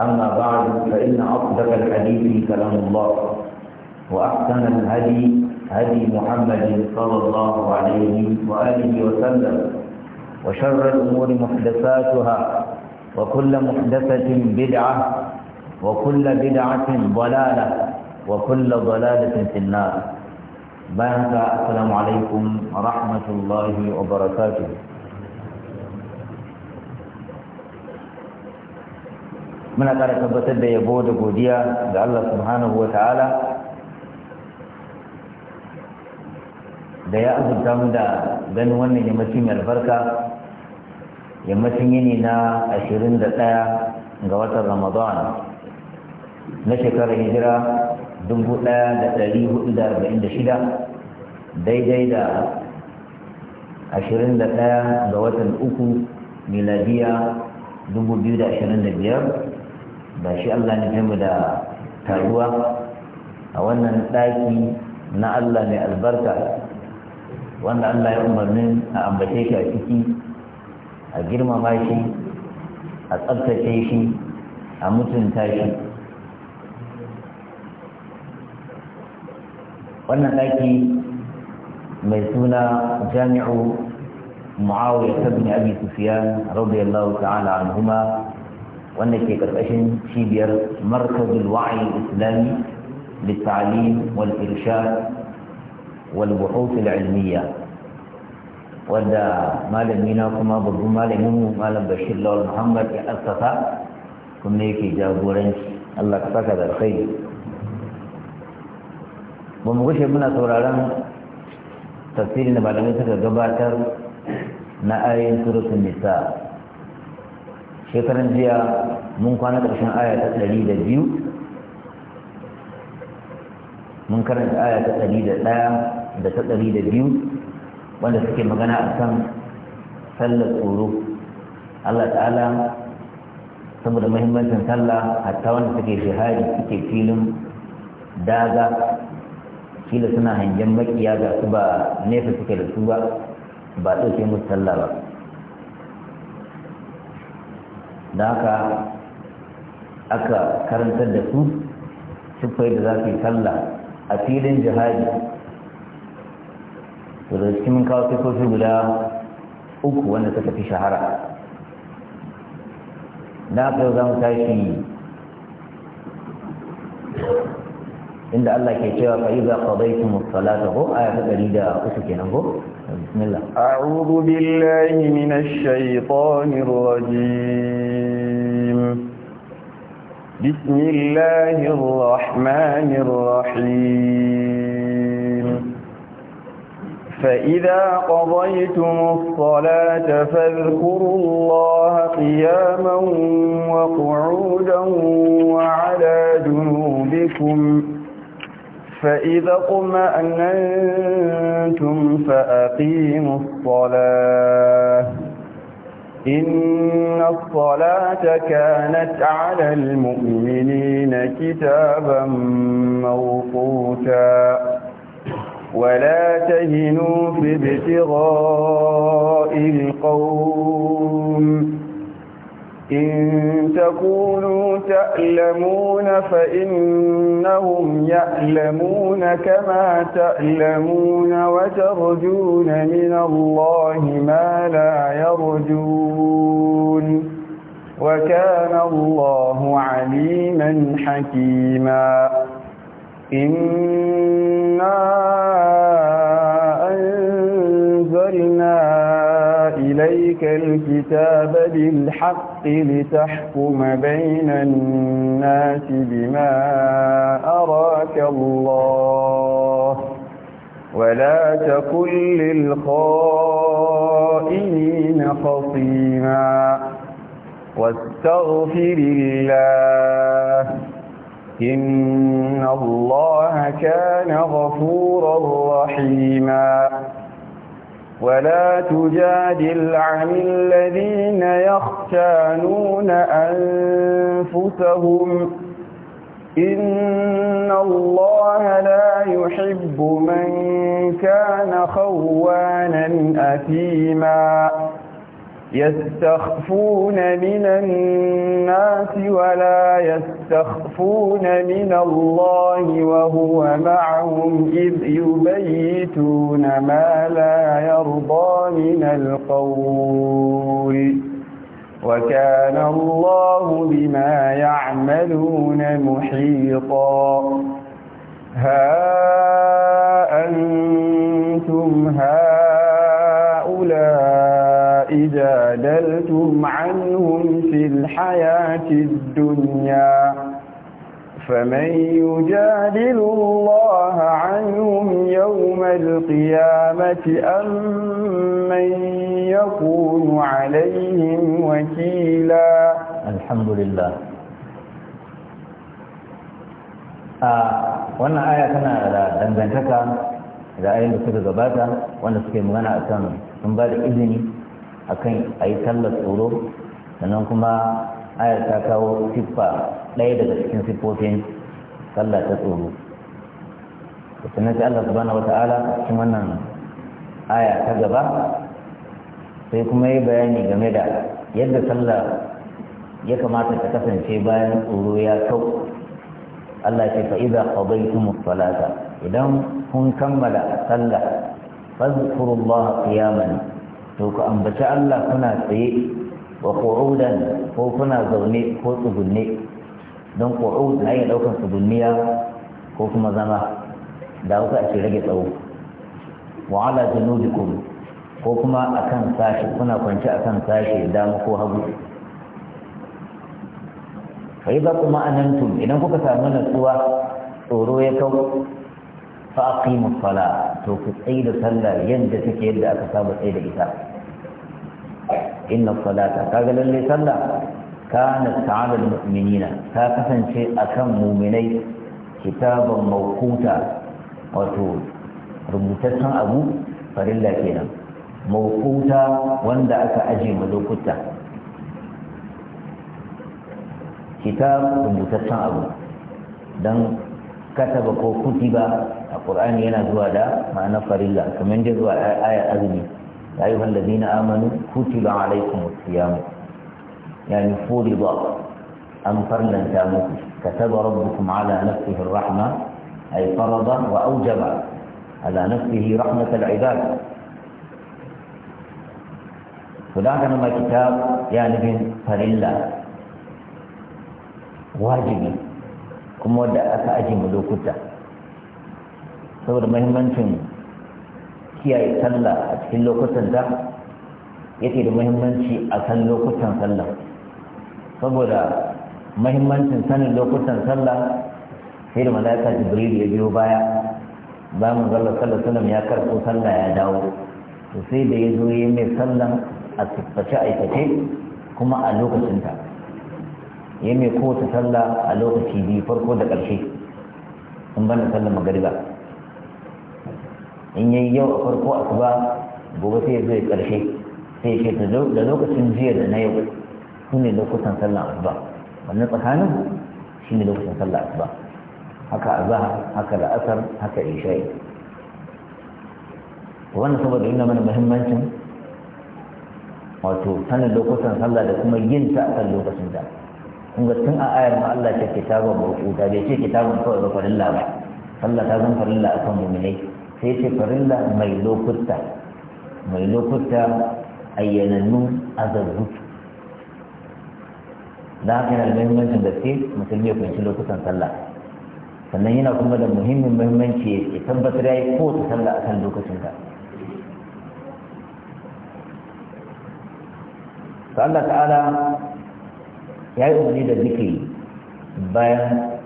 أما بعد فإن أصدق الحديث كلام الله وأحسن الهدي هدي محمد صلى الله عليه وآله وسلم وشر الأمور محدثاتها وكل محدثة بدعة وكل بدعة ضلالة وكل ضلالة في النار بارك السلام عليكم ورحمة الله وبركاته muna ƙara tabbatar da yabo da godiya ga Allah subhanahu wa ta'ala da ya azurta mu da ganin wannan yammacin albarka yammacin yini na ashirin da ɗaya ga watan ramadan na shekarar hijira dubu ɗaya da ɗari hudu da arba'in da shida daidai da ashirin da ɗaya ga watan uku miladiya dubu biyu da ashirin da biyar da shi Allah ne mu da taruwa a wannan ɗaki na Allah mai albarka wanda Allah ya umarnin a ambace shi a ciki a girmama shi a tsabtace shi a mutunta shi wannan ɗaki mai suna jami'u معاوية بن أبي سفيان رضي الله تعالى wanda ke karkashin cibiyar markazul wa'ayi islami littalin wal'irsha walbuhautul ilmiya wadda malami na kuma babban malaminmu malam bashir lawal muhammad ya arsata kuma yake jagoranci allah ka saka da kai ba mu gushe muna sauraron tafsirin da malamai saka gabatar na ayin surutun nisa shekaran jiya mun kwana ƙarshen aya ta ɗari da biyu mun karanta aya ta ɗari da ɗaya da ta ɗari da biyu wanda suke magana a kan sallar tsoro Allah ta'ala saboda mahimmancin sallah hatta wanda suke shahari suke filin daga kila suna hangen makiya ga su ba nesa suke da su ba ba ɗauke musu sallah ba da haka aka karantar da su siffai da za su yi sallah a filin jihadi to da cikin mun kawo guda uku wanda suka fi shahara da haka yau za mu tashi inda Allah ke cewa fa iza qadaytum as-salata ko aya ta 103 kenan ko بسم الله أعوذ بالله من الشيطان الرجيم بسم الله الرحمن الرحيم فإذا قضيتم الصلاة فاذكروا الله قياما وقعودا وعلى جنوبكم فإذا اطمأننتم فأقيموا الصلاة إن الصلاة كانت على المؤمنين كتابا موقوتا ولا تهنوا في ابتغاء القوم إن تكونوا تألمون فإنهم يألمون كما تألمون وترجون من الله ما لا يرجون وكان الله عليما حكيما إنا أنزلنا إليك الكتاب بالحق الحق لتحكم بين الناس بما أراك الله ولا تكن للخائنين خصيما واستغفر الله إن الله كان غفورا رحيما ولا تجادل عن الذين يختانون أنفسهم إن الله لا يحب من كان خوانا أثيماً يستخفون من الناس ولا يستخفون من الله وهو معهم إذ يبيتون ما لا يرضى من القول وكان الله بما يعملون محيطا ها أنتم هؤلاء جادلتم عنهم في الحياة الدنيا فمن يجادل الله عنهم يوم القيامة أم من يكون عليهم وكيلا الحمد لله آه، وانا آية كنا da dangantaka آية ayin da وانا gabata wanda suke من بعد sun akan a yi sallar tsoro sannan kuma ayar ta kawo siffa ɗaya daga cikin siffofin sallah ta tsoro sannan sai Allah subhanahu ala cikin wannan aya ta gaba sai kuma yi bayani game da yadda sallah ya kamata ta kasance bayan tsoro ya kyau Allah ce fa idza qadaytum salata idan kun kammala sallah fadhkurullaha qiyaman to ku ambaci Allah kuna tsaye wa qu'udan ko kuna zaune ko tsugunne don qu'ud na iya daukan tsugunniya ko kuma zama da wuka a ce rage tsawo wa ala junubikum ko kuma akan sashi kuna kwance akan sashi dama ko hagu fa idza kuma anantum idan kuka samu natsuwa tsoro ya kau fa aqimu sala to ku tsayi da sallah yadda take yadda aka saba tsayi da ita inna salata kaga lalle sallah kana ta'ala mu'minina ta kasance akan mu'minai kitaban mawquta wato rubutaccen abu farilla kenan mawquta wanda aka aje mu lokuta kitab rubutaccen abu dan كتب كو كتب القران ينا زوالا ما نفر الله كما ينجز آية أذني يا أيها الذين آمنوا كتب عليكم الصيام يعني فرض أن فرنا كتب ربكم على نفسه الرحمة أي فرض وأوجب على نفسه رحمة العباد هناك ما كتاب يعني من فرلا واجبي kuma wadda aka aji mu lokuta saboda mahimmancin kiyaye sallah a cikin lokutan ta yake da mahimmanci a san lokutan sallah saboda mahimmancin sanin lokutan sallah sai da malaka jibril ya biyo baya bayan mu zalla ya karɓo sallah ya dawo to sai da ya zo ya yi mai sallan a sifface aikace kuma a lokacin lokacinta ya mai kowace sallah a lokaci biyu farko da ƙarshe in bana sallar magariba in yayi yau a farko asuba gobe sai ya zo ya ƙarshe sai ya ce da lokacin jiya da na yau su ne lokutan sallar asuba wannan tsakanin shi ne lokacin sallar asuba haka azahar haka da asar haka isha'i wannan saboda yana mana muhimmancin wato sanin lokutan sallah da kuma yin ta a kan lokacin ta kun tun a ayar ma Allah ce kitabun mawquta bai ce kitabun kawai ba farilla ba sallah ta zan farilla akan mu'minai sai ce farilla mai lokuta mai lokuta ayyanannu azazzutu da haka yana da muhimmancin gaske musulmi ya kunshi lokutan sallah sannan yana kuma da muhimmin muhimmanci ya tabbatar ya yi kowace sallah a kan lokacinka. Allah ta'ala ya yi umarni da zikiri bayan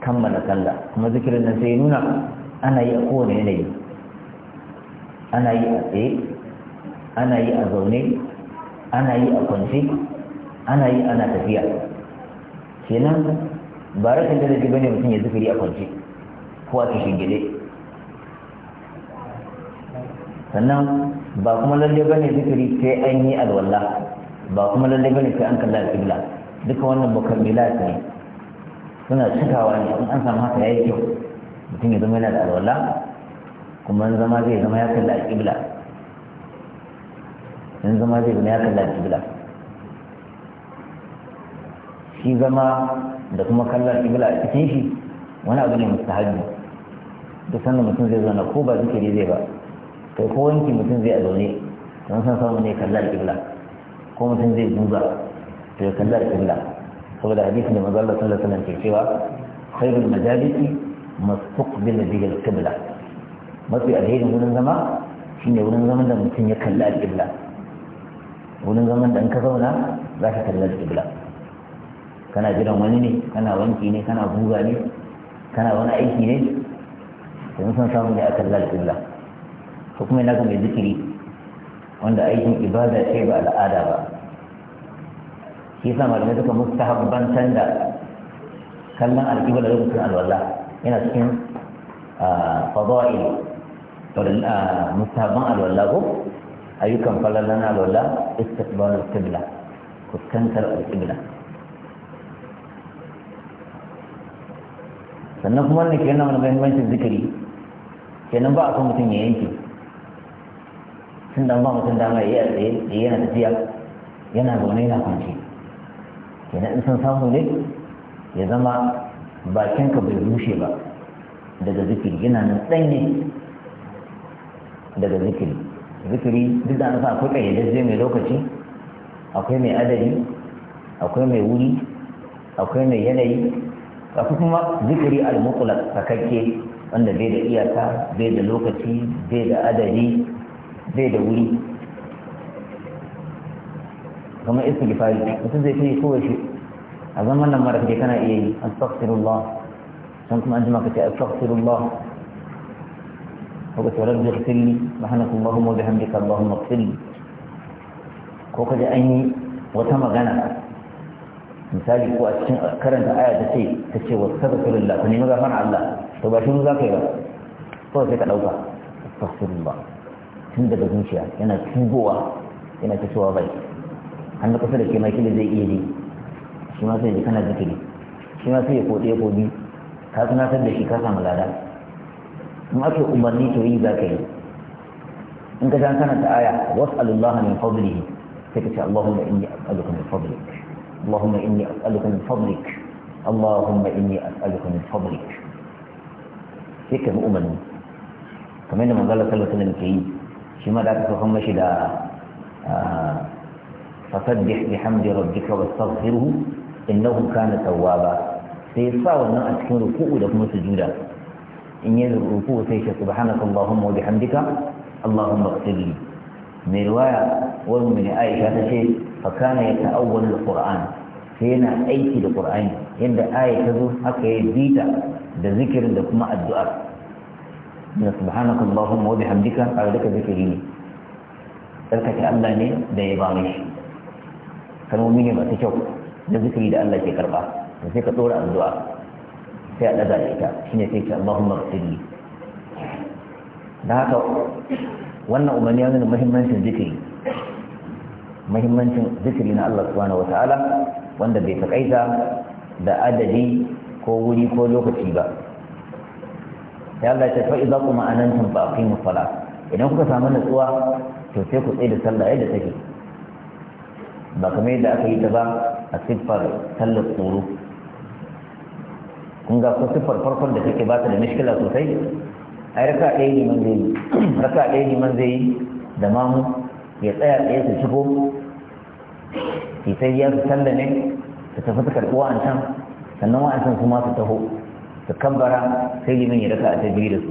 kammala sallah kuma zikirin nan sai nuna ana yi a kowane yanayi ana yi a tsaye ana yi a zaune ana yi a kwanci, ana yi ana tafiya kenan ba rashin da zai bane mutum ya zikiri a kwanci, ko a cikin gide sannan ba kuma lalle bane zikiri sai an yi alwala ba kuma lalle bane sai an kalla alƙibla duka wannan mukammilat ne suna cikawa ne in an samu haka yayi kyau mutum ya zama yana da alwala kuma in zama zai zama ya kalla alƙibla in zama zai zama ya kalla alƙibla shi zama da kuma kallon alƙibla a cikin shi wani abu ne mustahabi duk sanda mutum zai zauna ko ba zikiri zai ba kai ko wanki mutum zai a zaune don san samu ne kalla alƙibla ko mutum zai duba to ya kalli alƙibla saboda hadisin da manzo Allah sallallahu alaihi wasallam ke cewa khairul majalisi mastaqbil bihi al-qibla mafi alherin wurin zama shine wurin zaman da mutum ya kalli qibla wurin zaman da in ka zauna za ka al-qibla kana jiran wani ne kana wanki ne kana guga ne kana wani aiki ne to san samu ne a kalli qibla ko kuma ina ga mai zikiri wanda aikin ibada ce ba al'ada ba shi yasa malamai suka mustahabbantan da kallon alƙibla lokacin alwala yana cikin fadail mustahabban alwala ko ayyukan falalan alwala istiqbal ko fuskantar alqibla sannan kuma ne kenan wani mahimmancin zikiri kenan ba a kan mutum ya yanke tun da ba mutum dama ya yi a tsaye da yana tafiya yana zaune yana kwanci yana in san samu ne ya zama bakinka bai rushe ba daga zikiri yana nan ne daga zikiri zikiri duk da nasa akwai ƙayyadajje mai lokaci akwai mai adadi akwai mai wuri akwai mai yanayi akwai kuma zikiri al-mutlaq sakakke wanda bai da iyaka bai da lokaci bai da adadi bai da wuri kamar istighfari mutum zai kai kowace a zaman nan mara kake kana iya yi astaghfirullah san kuma an jima ka ce astaghfirullah ko ka ce rabbi ighfirli subhanaka allahumma wa bihamdika allahumma ighfirli ko kaje ji an yi wata magana misali ko a cikin karanta aya ta ce ta ce wa astaghfirullah ka nemi gafara Allah to ba shi mu za ka yi ba ko sai ka dauka astaghfirullah tun daga zuciya yana tugowa yana ta cewa bai hannu kusa da ke mai kila zai iya ji shi ma sai ji kana zikiri shi ma sai ya ko ɗaya ko biyu ka tunatar da shi ka samu lada in ake umarni to yi za ka yi in ka jan kana ta aya was'alullaha min fadlihi sai ka ce allahumma inni as'aluka min fadlik allahumma inni as'aluka min fadlik allahumma inni as'aluka min fadlik sai ka yi umarni kamar yadda manzala sallallahu alaihi wasallam ke yi shi ma da aka kafa mashi da ah, fasabbih bihamdi rabbika wastaghfirhu innahu kana tawwaba sai ya sa wannan a cikin ruku'u da kuma sujuda in yi ruku'u sai shi subhanaka allahumma wa bihamdika allahumma ighfirli mai riwaya wani mai aisha ta ce fa kana ya ta'awwal alquran sai yana aiki da qur'ani yadda aya ta zo haka ya bita da zikirin da kuma addu'a na subhanaka allahumma wa bihamdika a duka zikiri ne tsarkake Allah ne da ya ba shi kalmomi ne masu kyau na zikiri da Allah ke karba da sai ka tsora addu'a sai a daga ita shine sai ka Allahu ghfirli da haka wannan umarni ya nuna muhimmancin zikiri muhimmancin zikiri na Allah subhanahu wataala wanda bai takaita da adadi ko wuri ko lokaci ba sai Allah ya ce fa idza kuma anantum fa aqimu salat idan kuka samu natsuwa to sai ku tsaye da sallah yadda take ba kamar yadda aka yi ta ba a siffar tallar tsoro kun ga ko siffar farkon da take ba ta da mishkila sosai ai raka ɗaya man zai yi raka ɗaya man zai yi da mamu ya tsaya tsaye su shigo sai ya ne su tafi su karɓi wa'ancan sannan wa'ancan su ma su taho su kambara sai limin ya raka a ta biyu da su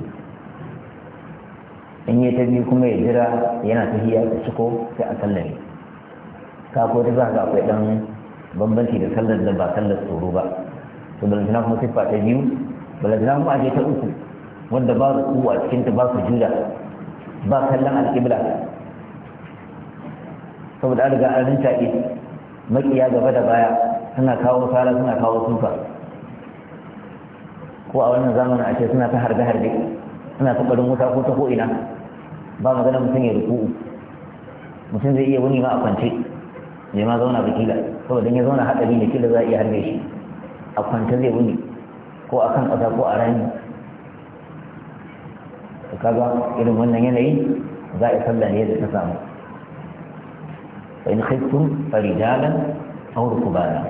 in yi ta biyu kuma ya jira yana tafiya su shigo sai a sallame ka ko da za ka akwai dan bambanci da sallar da ba sallar tsoro ba to lafiya kuma siffa ta biyu lafiya kuma aje ta uku wanda ba su a cikin ta ba su juda ba kallon alƙibla saboda an riga an rinta makiya gaba da baya suna kawo sala suna kawo sufa ko a wannan zamanin a ce suna ta harbe-harbe suna ta ɓarin wuta ko ta ko'ina ba magana mutum ya ruku mutum zai iya wuni ma a kwance ne ma zauna ba kila saboda ya zauna haɗari ne kila za a iya harbe shi a kwanta zai wuni ko a kan ƙasa ko a rami da kaga irin wannan yanayi za a yi sallah ne da ta samu in khiftum farijalan aw rukbana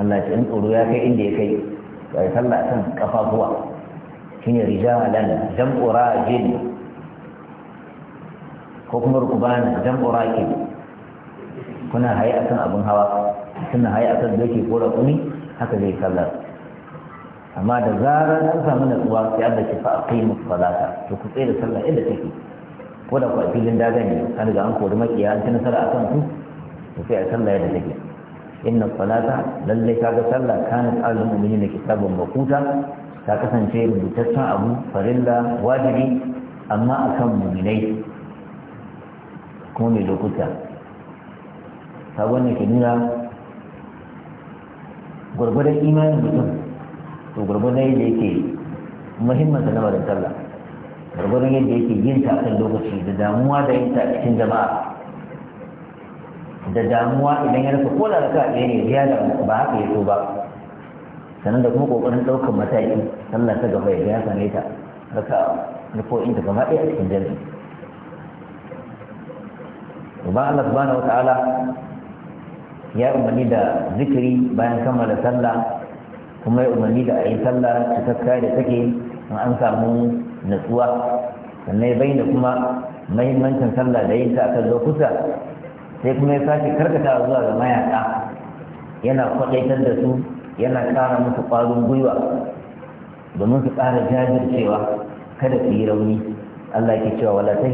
Allah ya in tsoro ya kai inda ya kai ba ya sallah kan kafafuwa shine rijalan jam'u rajin ko kuma rukbana jam'u raqib kuna haye a kan abin hawa suna haye a da doki ko raƙumi haka zai sallar amma da zarar an samu natsuwa sai Allah ke fa mu salata to ku tsaya da sallah inda take ko da ku a filin daga ne an ga an kori makiya an ci nasara akan ku to sai a sallah yadda take inna salata lalle ga sallah kanat alal ne kitabun makuta, ta kasance rubutaccen abu farilla wajibi amma akan mu ne kuma mai lokuta sabon ne ke nuna gwargwadon imanin mutum to gwargwadon yadda yake muhimmansa na wajen sallah gwargwadon yadda yake yin ta kan lokaci da damuwa da yin ta cikin jama'a da damuwa idan ya rasa kola da kaɗe ne ya da ba haka ya so ba sannan da kuma ƙoƙarin ɗaukar mataki sannan ta gaba ya ya same ta raka nufo'in ta gaba ɗaya a cikin jami'a. Ba Allah subhanahu wa ta'ala ya umarni da zikiri bayan kammala sallah kuma ya umarni da a yi sallah cikakka da take in an samu natsuwa sannan ya bayyana kuma mahimmancin sallah da yin ta a kan lokuta sai kuma ya sake karkata zuwa ga mayaka yana kwaɗaitar da su yana ƙara musu ƙwarin gwiwa domin su ƙara jajircewa kada su yi rauni Allah ke cewa wala في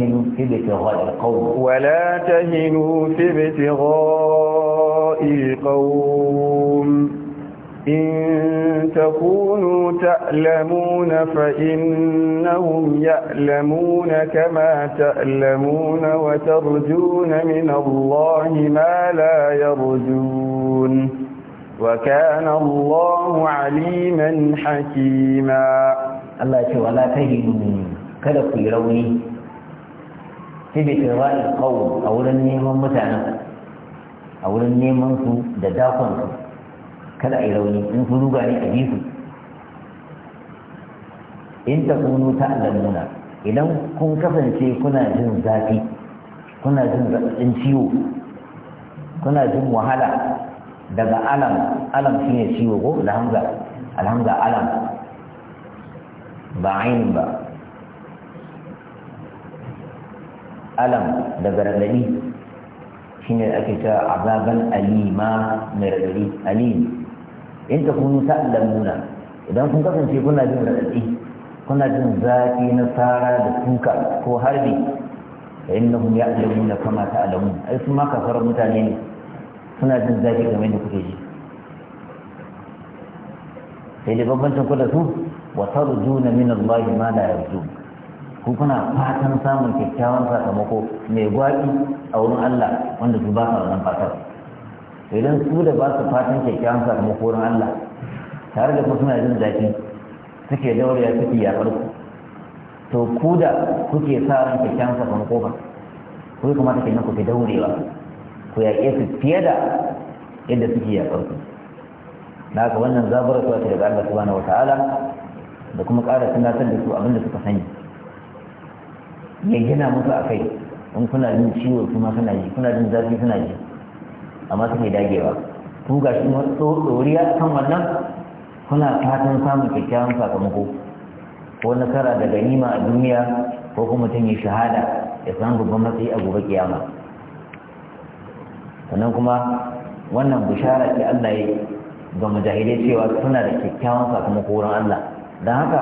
بيت bi القوم ولا wala في بيت bi قوم إن تكونوا تألمون فإنهم يألمون كما تألمون وترجون من الله ما لا يرجون وكان الله عليما حكيما الله يقول ولا تهنوا كذا في روني في بتغاء القوم أولا نيهم متعنى a wurin neman su da dakon su kada a yi rauni in su ruga ne a bi su in ta kunu ta alamuna idan kun kasance kuna jin zafi kuna jin zaɓaɓɓen ciwo kuna jin wahala daga alam alam shi ne ciwo ko alhamza alhamza alam ba ainihin ba alam daga raɗaɗi shine ake ta azaban alima mai radari alim in ta kunu idan kun kasance kuna jin radadi kuna jin zafi na tsara da tuka ko harbi fa innahum ya'lamuna kama ta'lamun ai su ma kafaran mutane ne suna jin zafi game da kuke ji sai dai bambancin ku su wa tarjuna min Allah ma la yarjuna ko kuna fatan samun kyakkyawan sakamako mai gwaƙi a wurin Allah wanda su ba su wannan fatar idan su da ba su fatan kyakkyawan sakamako wurin Allah tare da kuma suna jin zafi suke ya suke ya farko to ku da kuke sa ran kyakkyawan sakamako ba ku kuma take nan ku daurewa ku yaƙe su fiye da yadda suke ya farko na ga wannan zaburar ta daga Allah subhanahu wataala da kuma ƙara tunatar da su abin da suka sani ya gina musu a kai in kuna jin ciwo su ma suna ji kuna jin zafi suna ji amma yi dagewa ku ga shi tsoriya kan wannan kuna fatan samun kyakkyawan sakamako ko nasara da ganima a duniya ko kuma mutum ya shahada ya san babban matsayi a gobe kiyama sannan kuma wannan bishara ce Allah ya ga mujahidai cewa suna da kyakkyawan sakamako wurin Allah don haka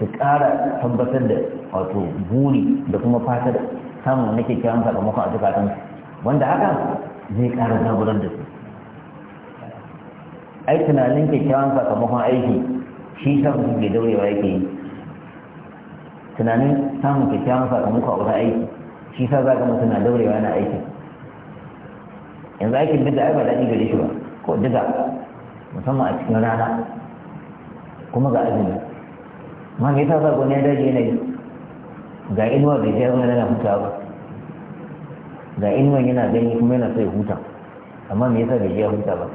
su ƙara tabbatar da wato buri da kuma fatar samun na kyakkyawan sakamakon a zukatan wanda haka zai ƙara zaburar da su ai tunanin kyakkyawan sakamakon aiki shi sa mutum ke daurewa yake yi tunanin samun kyakkyawan sakamakon a aiki shi sa za ka mutu na daurewa na aiki yanzu aikin duk da aiki ba daɗi gare shi ba ko duka musamman a cikin rana kuma ga azumi ma me yasa sakon ya daji yana yi ga inuwa bai je yana yana huta ba ga inuwa yana gani kuma yana sai huta amma me yasa bai je huta ba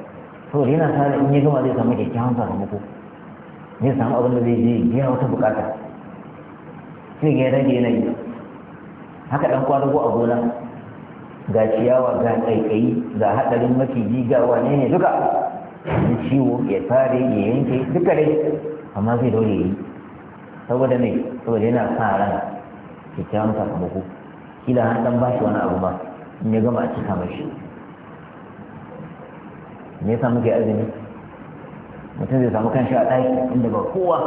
saboda yana sa in ya gama zai samu kyakkyawan sakamako zai samu abin da zai je biya wata bukata sai ga yadda yana yi haka dan ko a gona ga ciyawa ga kaikayi ga hadarin makiji ga wane ne duka ciwo ya tare ya yanke duka dai amma zai dole ya yi saboda mai saboda yana sa ran kyakkyawan sakamako kila an dan bashi wani abu ba in ya gama a cika mashi me yasa muke azumi mutum zai samu kanshi a ɗaki inda ba kowa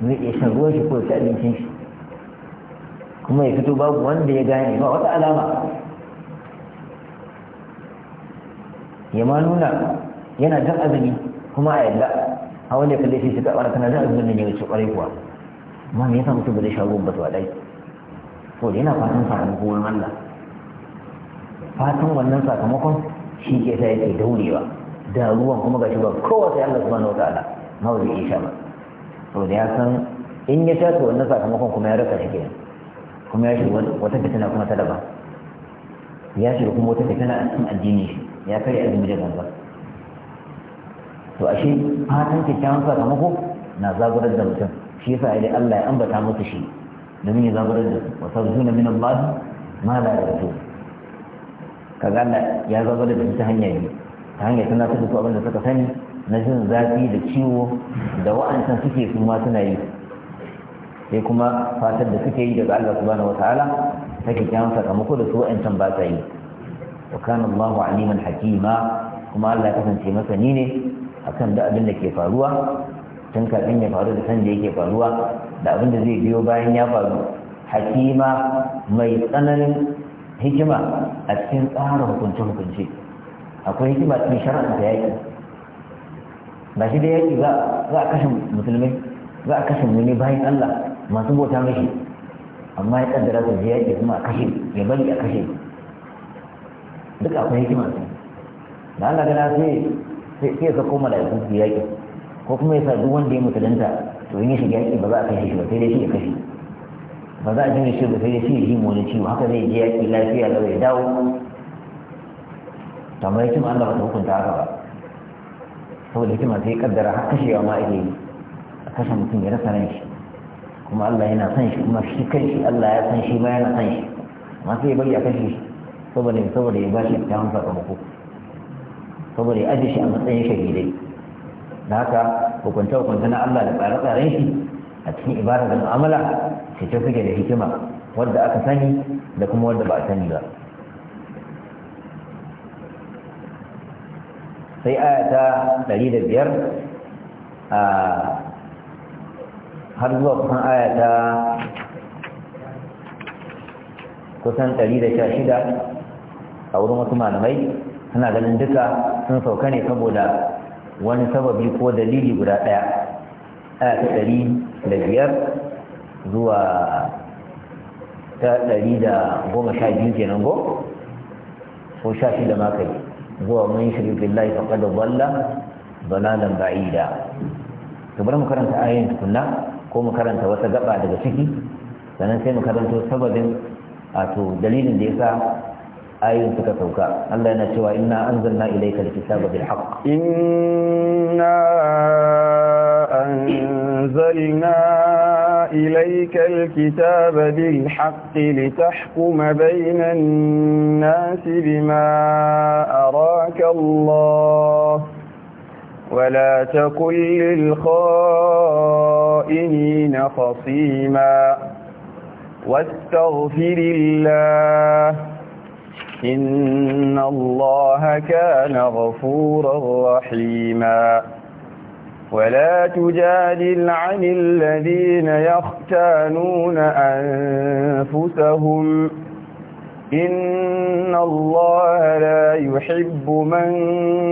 zai iya shan ruwan shi ko shi abincin shi kuma ya fito babu wanda ya gane ba wata alama ya ma nuna yana jan azumi kuma a yadda a wanda ya kalle shi shi ta ɓara tana jan azumin nan ya wuce ƙwarai kuwa amma me yasa mutum ba zai sha ruwan ba to a dai to yana fatan sakamakon wurin Allah fatan wannan sakamakon shi ke sa yake daurewa da ruwan kuma ga shi ba kowa sai Allah subhanahu wa ta'ala ma ba zai sha ba to da ya san in ya sha to wannan sakamakon kuma ya rasa shi kenan kuma ya shiga wata fitina kuma ta daba. ya shiga kuma wata fitina a cikin addini shi ya karya azumi da gaba to ashe fatan kyakkyawan sakamako na zagurar da mutum shi yasa idan Allah ya ambata musu shi domin ya zaburar da su wa tarzuna min Allah ma la yarju kaga Allah ya zaburar da su ta hanya ne ta hanyar tana ta su abinda suka sani na jin zafi da ciwo da wa'ancan suke su ma suna yi sai kuma fatar da suke yi daga Allah subhanahu wataala take kyawun sakamako da su wa'ancan ba ta yi wa kana Allahu aliman hakima kuma Allah ya kasance masani ne akan da abin da ke faruwa tun kafin ya faru da san da yake faruwa da abin da zai biyo bayan ya faru hakima mai tsananin hikima a cikin tsara hukunce-hukunce akwai hikima cikin shari'a da yaƙi ba shi da yaƙi za a kashe musulmi, za a kashe muni bayan allah masu bauta mashi amma ya kaddara su je yaƙi kuma a kashe ya bari a kashe duk akwai hikima da allah gana sai sai ya sako mala'iku su yaƙi ko kuma ya sa duk wanda ya mutu musulunta to in ya shiga yaƙi ba za a kashe shi ba sai dai shi ya kashe ba za a jin shi ba sai dai shi ya yi wani ciwo haka zai je yaƙi lafiya lau ya dawo kamar yakin Allah ba ta hukunta haka ba saboda hikima sai kaddara har kashewa ma ake yi a kashe mutum ya rasa ran shi kuma Allah yana san shi kuma shi kan shi Allah ya san shi ma yana san shi amma sai ya bari a kashe shi saboda saboda ya bashi kyawun sakamako saboda ya ajiye shi a matsayin shahidai da haka hukunta hukunta na Allah da tsare-tsaren shi a cikin ibada da mu'amala ce suke da hikima wadda aka sani da kuma wadda ba a sani ba sai aya ta ɗari da biyar a har zuwa kusan aya ta kusan ɗari da sha shida a wurin wasu malamai suna ganin duka sun sauka ne saboda wani sababi ko dalili guda ɗaya a ta ɗari da biyar zuwa ta ɗari da goma sha biyu kenan go ko sha shi ma kai zuwa mun shiri billahi faqad dhalla dalalan ba'ida to bari mu karanta ayin tukunna ko mu karanta wata gaba daga ciki sannan sai mu karanta sababin a to dalilin da ya sa. ayoyin suka sauka Allah yana cewa inna anzalna ilayka alkitaba bil haqq inna anzalna ilayka alkitaba bil haqq litahkuma bayna an-nas bima araka Allah ولا تكن للخائنين خصيما واستغفر الله إن الله كان غفورا رحيما ولا تجادل عن الذين يختانون أنفسهم إن الله لا يحب من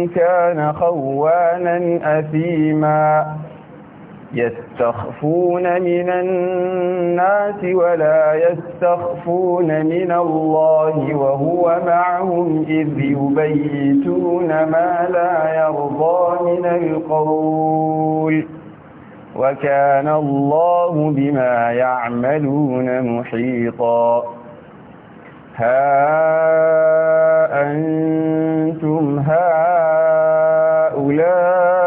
كان خوانا أثيماً يستخفون من الناس ولا يستخفون من الله وهو معهم إذ يبيتون ما لا يرضى من القول وكان الله بما يعملون محيطا ها أنتم هؤلاء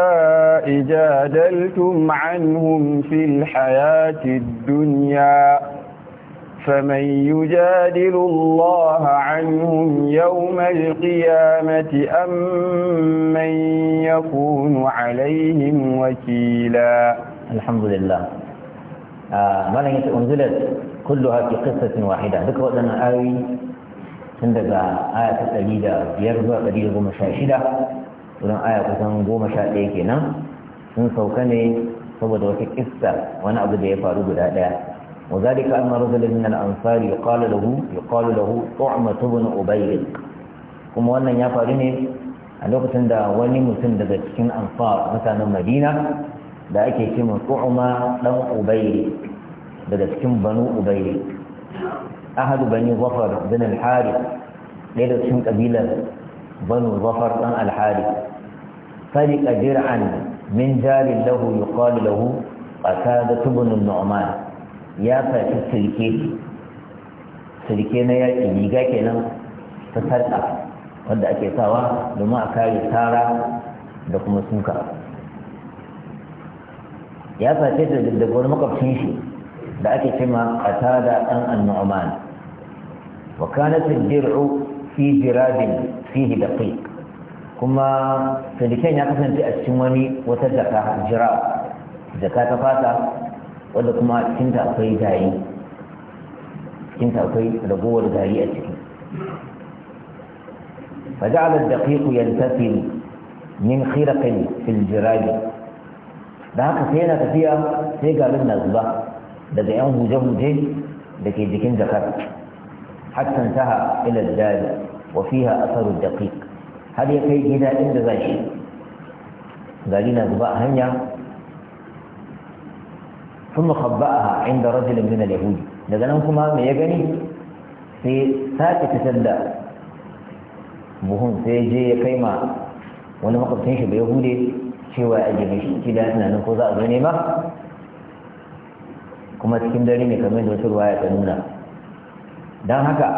تجادلتم عنهم في الحياة الدنيا فمن يجادل الله عنهم يوم القيامة أم من يكون عليهم وكيلا الحمد لله آه أنزلت كلها في قصة واحدة ذكر لنا آوي عندك آية التجديد يرجع تجديد قوم ولن آية قوم الشاشدة sun sauka ne saboda wata kista wani abu da ya faru guda daya وذلك أن رجلا من الأنصار يقال له يقال له طعمة بن أبي kuma wannan ya faru ne a lokacin da wani mutum daga cikin ansar mutanen madina da ake ce mai tsu'uma dan ubairi daga cikin banu ubairi ahadu bani zafar bin al-hari ɗaya da cikin kabilar banu zafar dan al-hari sadiqa jir'an min jarin lahu yuqalu lahu a qatada ibn nu'man ya fashi sirke sirke na yaƙi riga kenan ta sarƙa wadda ake sawa domin a kare tara da kuma suka ya sace da daga wani makwabcin shi da ake ce a qatada ɗan an-nu'man wa kanat ad-dir'u fi jirabin fihi daqiq kuma sandiken ya kasance a cikin wani wata jaka jira jaka ta fata wadda kuma cikinta akwai gayi cikinta akwai ragowar gayi a ciki فجعل الدقيق ينتفل من خرق في الجراب da haka sai yana tafiya sai garin na zuba daga yan huje-huje da ke jikin jakar hatta taha ila jari wa fiha asaru daqiq har ya kai gida inda za shi gari na zuba a hanya sun makabba'aha inda rajulun min al-yahudi daga nan kuma me ya gani sai sake fitar da buhun sai je ya kai ma wani makwabcin shi bai hude cewa ya ajiye shi gida tunanin ko za a zo nema kuma cikin dare ne kamar da wata ruwa ya ta nuna don haka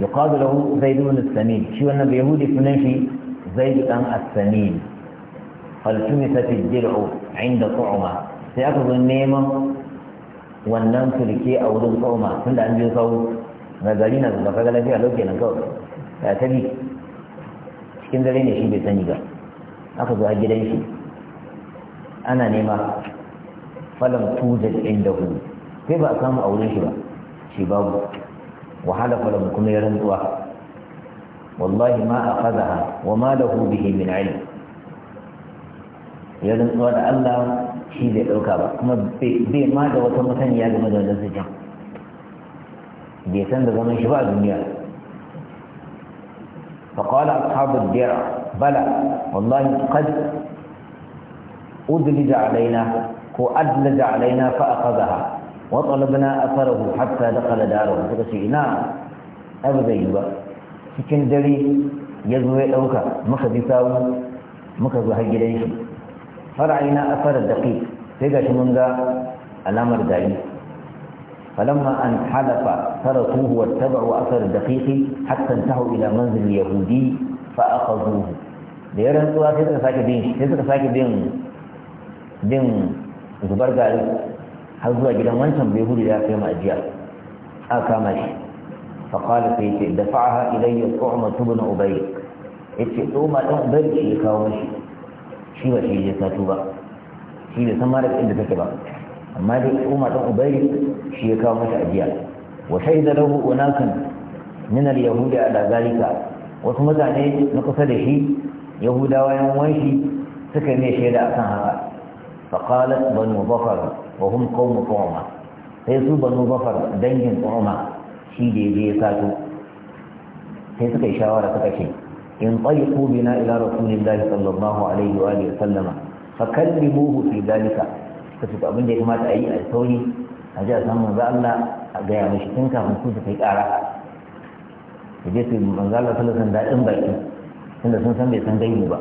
yuqadu lahu zaid ibn as-samin shi wannan bai yahudi sunan shi zaid dan as-samin faltumisat ad-dir'u inda tu'ma sai aka zo neman wannan turke a wurin tun da an je sau na gari na zuba kaga lafiya lauke nan kawai ya tabi cikin dare ne shi bai sani ba aka zo a gidan shi ana nema falam tujad indahu sai ba a samu a wurin shi ba shi babu wahala kwalamu kuma ya rantsuwa wallahi ma a kazaha wa ma da bihi min Allah shi bai ɗauka ba kuma bai ma da wata ya game da wannan sajan bai san da zaman shi ba a duniya فقال أصحاب الدرع بلى والله قد أدلج علينا وأدلج علينا فأخذها wa talabna atharahu hatta dakhala darahu suka ce ina abu yi ba cikin dare ya zo ya dauka muka bi sawu muka har gidan shi fara'ina athar daqiq sai mun ga alamar dayi فلما أن حلف تركوه واتبعوا أثر الدقيق حتى انتهوا إلى منزل اليهودي فأخذوه da yaran tsuwa sai suka sake bin sai suka sake bin zubar har zuwa gidan wancan bai hudu ya kai ma'ajiya a kama shi faƙala sai ce da fa'aha ilayya tsoma tubu na ubai ya ce tsoma ɗan ubai shi ya kawo mashi shi ba shi ya sato ba shi bai san mara inda take ba amma dai tsoma ɗan ubai shi ya kawo mashi ajiya wa shaida lahu unakan min al-yahudi a zalika wasu mutane na kusa da shi yahudawa yan wanshi suka ne shaida kan haka faqalat banu bakar wa hum qawmu qawma sai su banu bafar dangin qawma shi da yaje ya sato sai suka yi shawara suka ce in tsayiku bina ila rasulillahi sallallahu alaihi wa alihi sallama fa kallimuhu fi dalika ka tuka abin da ya kamata a yi a sauri a ji a san manzo Allah a gaya mashi tun kafin su ta kai kara. da je su manzo Allah sallallahu alaihi daɗin baki tunda sun san bai san gaibu ba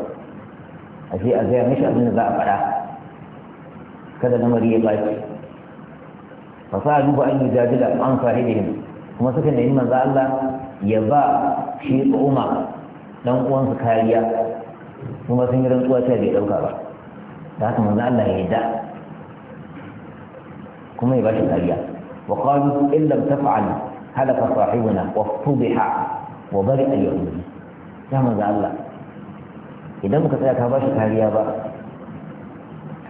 a ce a gaya mashi abin da za a faɗa kada lamari ya baci fa sa duba an yi yujadila an sahibihim kuma suka nemi manzo Allah ya ba shi Umar dan uwansa kariya kuma sun yi rantsuwa ta bai dauka ba da haka manzo Allah ya da kuma ya ba shi kariya wa qalu in lam taf'al halaka sahibuna wa fudiha wa bari al-yahudi ya manzo Allah idan muka tsaya ka ba shi kariya ba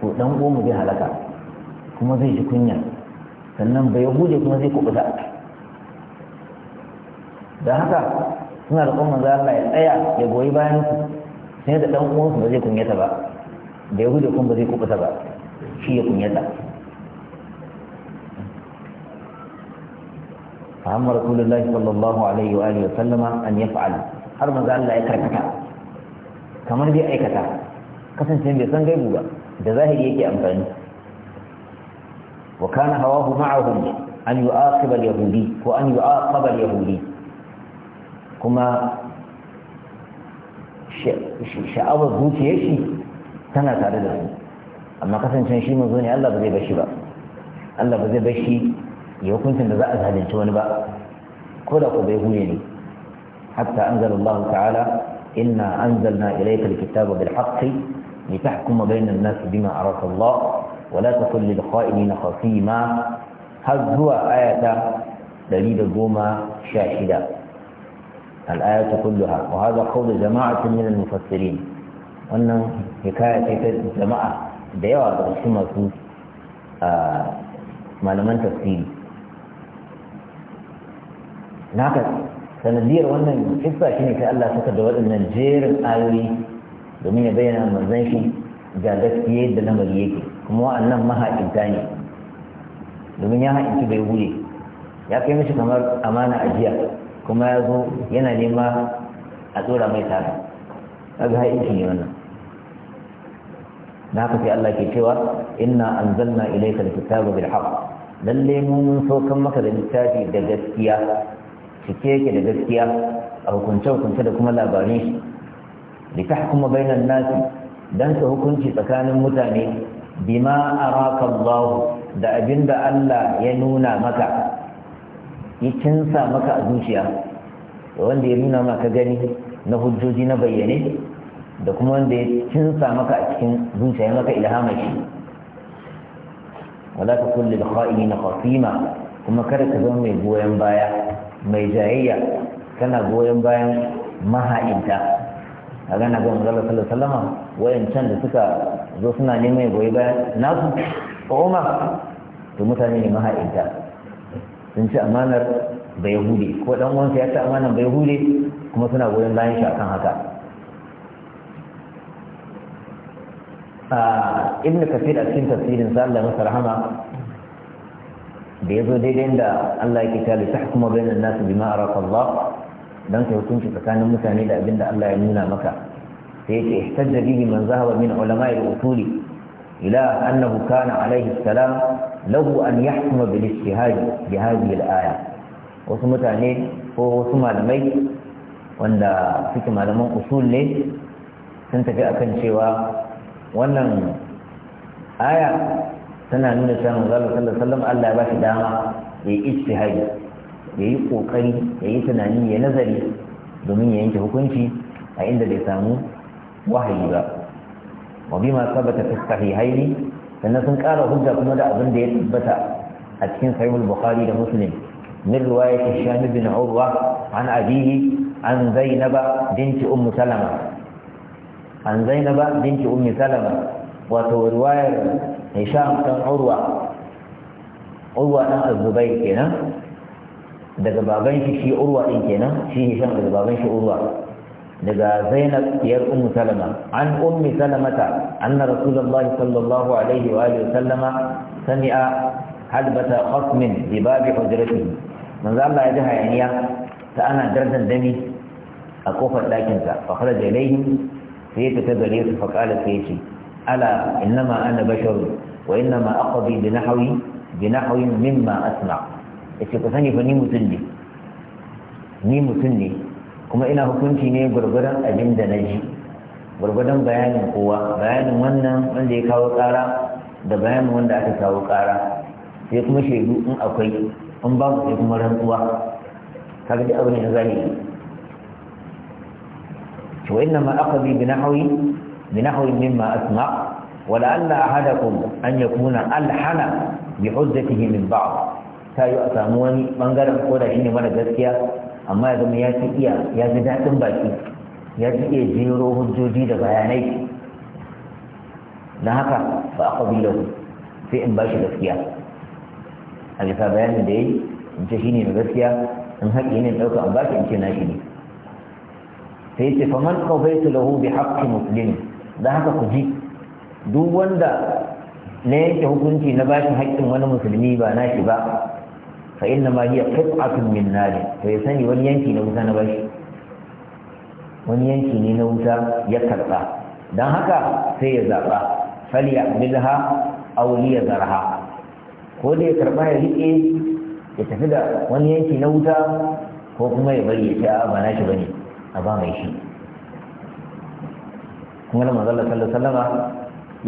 to dan uwanmu zai halaka kuma zai ji kunya sannan bai huje kuma zai kubuta da haka suna da kuma za ya tsaya ya goyi bayan su sai da dan uwansu ba zai kunyata ba da huje kuma ba zai kubuta ba shi ya kunyata فهم رسول الله صلى الله عليه وآله وسلم أن يفعل har manzo Allah ya karkata kamar bai aikata kasance bai san gaibu ba da zahiri yake amfani wa kana hawahu ma'ahum an yu'aqiba al-yahudi ko an yu'aqaba al-yahudi kuma sha'awar zuciyar shi tana tare da su amma kasancen shi manzo ne Allah ba zai bashi ba Allah ba zai bashi ya hukuncin da za a zalunci wani ba ko da ko bai huye ne hatta anzala Allah ta'ala inna anzalna ilayka al-kitaba bil haqqi لتحكم بين الناس بما أراد الله ولا تكن للخائنين خصيما هل هو آية دليل قوما شاهدة الآية كلها وهذا قول جماعة من المفسرين وأن حكاية جماعة ديوة رسمة آه، ما لم تفسير نعم sanadiyar وأن kissa shine sai Allah saka da waɗannan domin ya bayyana manzon shi ga gaskiya da lamari yake kuma wa'annan mahaƙinta ne domin ya haƙinci bai hure ya kai mishi kamar amana ajiya kuma ya zo yana nema a tsora mai tara kaga haƙinci ne wannan na haka Allah ke cewa inna anzalna ilayka alkitaba bil haqq lalle mu mun saukan maka da littafi da gaskiya cike yake da gaskiya a hukunce hukunce da kuma labarin shi li tahkuma bainan nasi dan hukunci tsakanin mutane bima araka Allah da abinda Allah ya nuna maka ya kinsa maka a zuciya wanda ya nuna maka gani na hujjoji na bayyane da kuma wanda ya cinsa maka a cikin zuciya maka ilhama shi wala ta kulli da na khasima kuma kada ka zama mai goyon baya mai jayayya kana goyon bayan maha'inta a gana ga manzala sallallahu alaihi wayancan da suka zo suna neman goyi bayan nasu umar to mutane ne maha'inta sun ci amanar bai hude ko dan uwansa ya ci amanar bai hude kuma suna goyon bayan shi akan haka ibn kafir a cikin tafsirin sa Allah da rahama da yazo daidai da Allah yake tali li tahkuma bainan nas bima araka Allah don ka hukunci tsakanin mutane da abin da Allah ya nuna maka sai yake ihtajja bihi man zahaba min ulama'i al-usuli ila annahu kana alayhi salam lahu an yahkuma bil ijtihad bi hadhihi al-aya wasu mutane ko wasu malamai wanda suke malaman usul ne sun tafi akan cewa wannan aya tana nuna cewa manzo Allah sallallahu alaihi wasallam Allah ya ba shi dama ya yi ijtihadi ya yi ƙoƙari ya yi tunani ya nazari domin ya yanke hukunci a inda bai samu wahayi ba wa ma sabata fi sahihaini sannan sun ƙara hujja kuma da abin da ya tabbata a cikin sahihul bukhari da muslim min riwayat shami bin urwa an abihi an zainaba binti ummu salama an zainaba binti ummu salama wato riwayar hisham dan urwa urwa dan az-zubair kenan daga baban shi shi urwa din kenan shi hisham daga baban shi urwa daga zainab diyar ummu salama an ummi salamata anna rasulullahi sallallahu alaihi wa alihi sallama sami'a halbata khasmin bi babi hujratihi manzo Allah ya ji hayaniya ta ana dardan dami a kofar dakin sa fa kharaja ilayhi sai ta gare su fa qala sai ce ala innama ana basharun wa innama aqdi bi nahwi bi nahwi mimma asma' ya ce ku sani fa ni mutum ne ni mutum ne kuma ina hukunci ne gwargwadon abin da na ji gwargwadon bayanin kowa bayanin wannan wanda ya kawo kara da bayanin wanda aka kawo kara sai kuma shaidu in akwai in babu sai kuma rantsuwa kaga dai abin da zahiri to inna ma aqdi bi nahwi bi nahwi mimma asma wa la alla ahadakum an yakuna alhana bi hujjatihi min ba'd ta yi a samu wani bangaren ko da shine mara gaskiya amma ya zama ya fi iya ya fi daɗin baki ya fi iya jero hujjoji da bayanai don haka ba aka bi lahu sai in ba shi gaskiya a bisa bayanin da ya yi in ce shine na gaskiya in haƙi ne ɗauka in ba shi in ce na shi ne sai ce faman kawai su lahu bi haƙƙi musulmi da haka ku ji duk wanda na yanke hukunci na bashi haƙƙin wani musulmi ba na shi ba fa inna ma hiya qit'atun min nar to ya sani wani yanki na wuta na bashi wani yanki ne na wuta ya karba dan haka sai ya zaba falyaqbilha aw zarha ko da ya karba ya rike ya tafi da wani yanki na wuta ko kuma ya bari ya ce a ba na shi bane a ba mai shi kuma da manzon sallallahu alaihi wasallama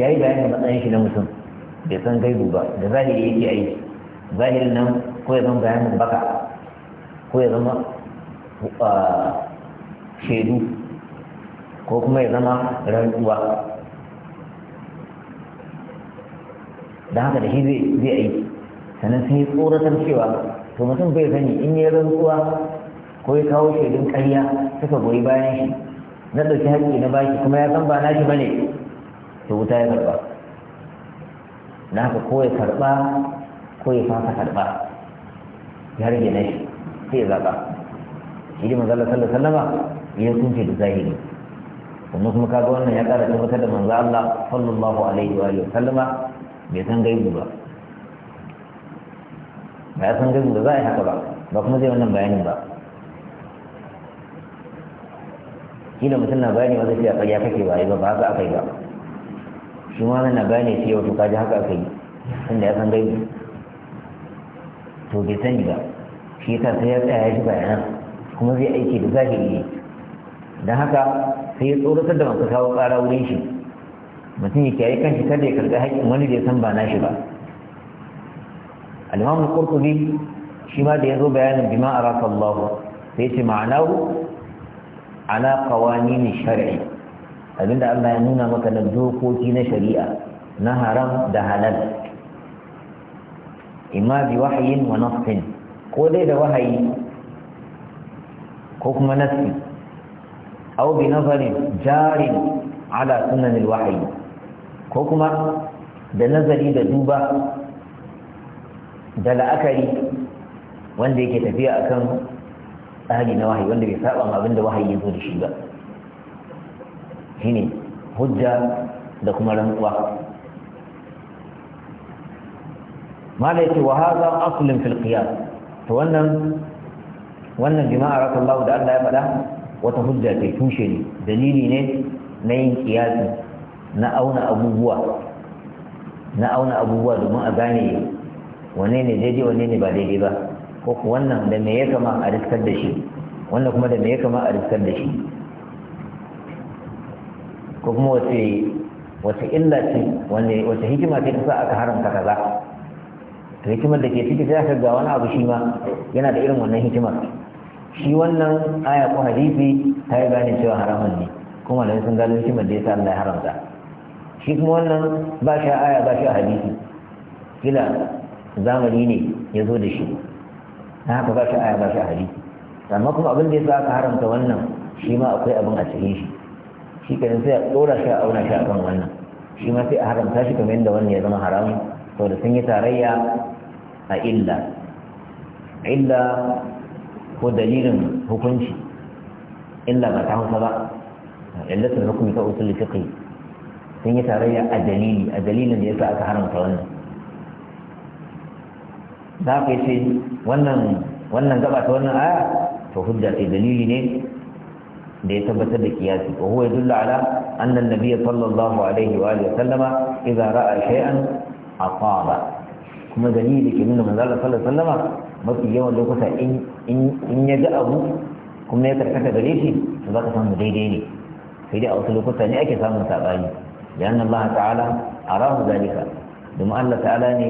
yayi bayanin matsayin shi na mutum bai san gaibu ba da zahiri yake aiki zahirin nan ko ya zama bayanin baka ko ya zama ah, shaidu ko kuma ya zama rantsuwa da haka da shi zai yi. sannan sun yi tsoratar cewa to mutum bai sani in ya rantsuwa ko ya kawo shaidun karya suka goyi bayan shi na ɗauki haƙƙi na bashi kuma ya san ba na shi ba ne. to wuta ya karɓa na haka ko ya karɓa ko ya fasa karɓa ya rage na shi sai ya zaɓa shi ne manzala sallallahu alaihi wasallama ya kunce da zahiri Wannan kuma kaga wannan ya ƙara tabbatar da manzo Allah sallallahu alaihi wa sallama bai san gaibu ba ba ya san gaibu ba za a yi haka ba ba kuma zai wannan bayanin ba ne mutum na bayani wanda shi a ƙarya kake ba ba ba haka aka yi ba shi ma na bayani shi yau to kaji haka aka yi tunda ya san gaibu to bai sani ba shi ta sai ya tsaya shi bayanan kuma zai aiki da zahiri ne don haka sai ya tsoratar da masu kawo ƙara wurin shi mutum ya kiyaye shi kada ya karɓi haƙƙin wani da ya san ba na shi ba al-imam shi ma da ya zo bayanin bima rasa allahu sai ce ma'ana ana ala ne shar'i abinda Allah ya nuna maka na dokoki na shari'a na haram da halal imma bi wahayin wa nafsin ko dai da wahayi ko kuma nafsi aw bi nazarin jarin ala sunan alwahyi ko kuma da nazari da duba da la'akari wanda yake tafiya akan tsari na wahayi wanda bai saba ma abinda wahayi ya zo da shi ba shine hujja da kuma rantsuwa malai ce wa haza aslin fil ta to wannan wannan jima'a rakallahu da Allah ya faɗa wata hujja ce tushe ne dalili ne na yin qiyasi na auna abubuwa na auna abubuwa domin a gane wane ne daidai wane ne ba daidai ba ko wannan da me ya kama a riskar da shi wannan kuma da me ya kama a riskar da shi ko kuma wace wace illa ce wace hikima ce ta sa aka haramta kaza to hikimar da ke ciki sai aka ga wani abu shi ma yana da irin wannan hikimar shi wannan aya ko hadisi ta yi gane cewa haramun ne kuma da sun gano hikimar da ya sa Allah ya haramta shi kuma wannan ba shi aya ba shi hadisi kila zamani ne ya zo da shi na haka ba shi aya ba shi hadisi amma kuma abin da ya sa aka haramta wannan shi ma akwai abin a cikin shi shi kenan sai a dora shi a auna shi akan wannan shi ma sai a haramta shi kamar yadda wannan ya zama haramun saboda sun yi tarayya a illa illa ko dalilin hukunci illa ba ta hausa ba illatul hukumi ta usul fiqh sun yi tarayya a dalili a dalilin da yasa aka haramta wannan za ka ce wannan wannan gaba ta wannan aya to hujja ce dalili ne da ya tabbatar da kiyasi wa huwa yadullu ala anna an-nabiy sallallahu alaihi wa alihi wa sallama idza ra'a shay'an asaba kuma dalili da ke nuna manzo Allah sallallahu alaihi wasallama mafi yawan lokuta in in ya ga abu kuma ya karkata gare shi to zaka samu daidai ne sai dai a wasu lokuta ne ake samun sabani da annan Allah ta'ala arahu zalika domin Allah ta'ala ne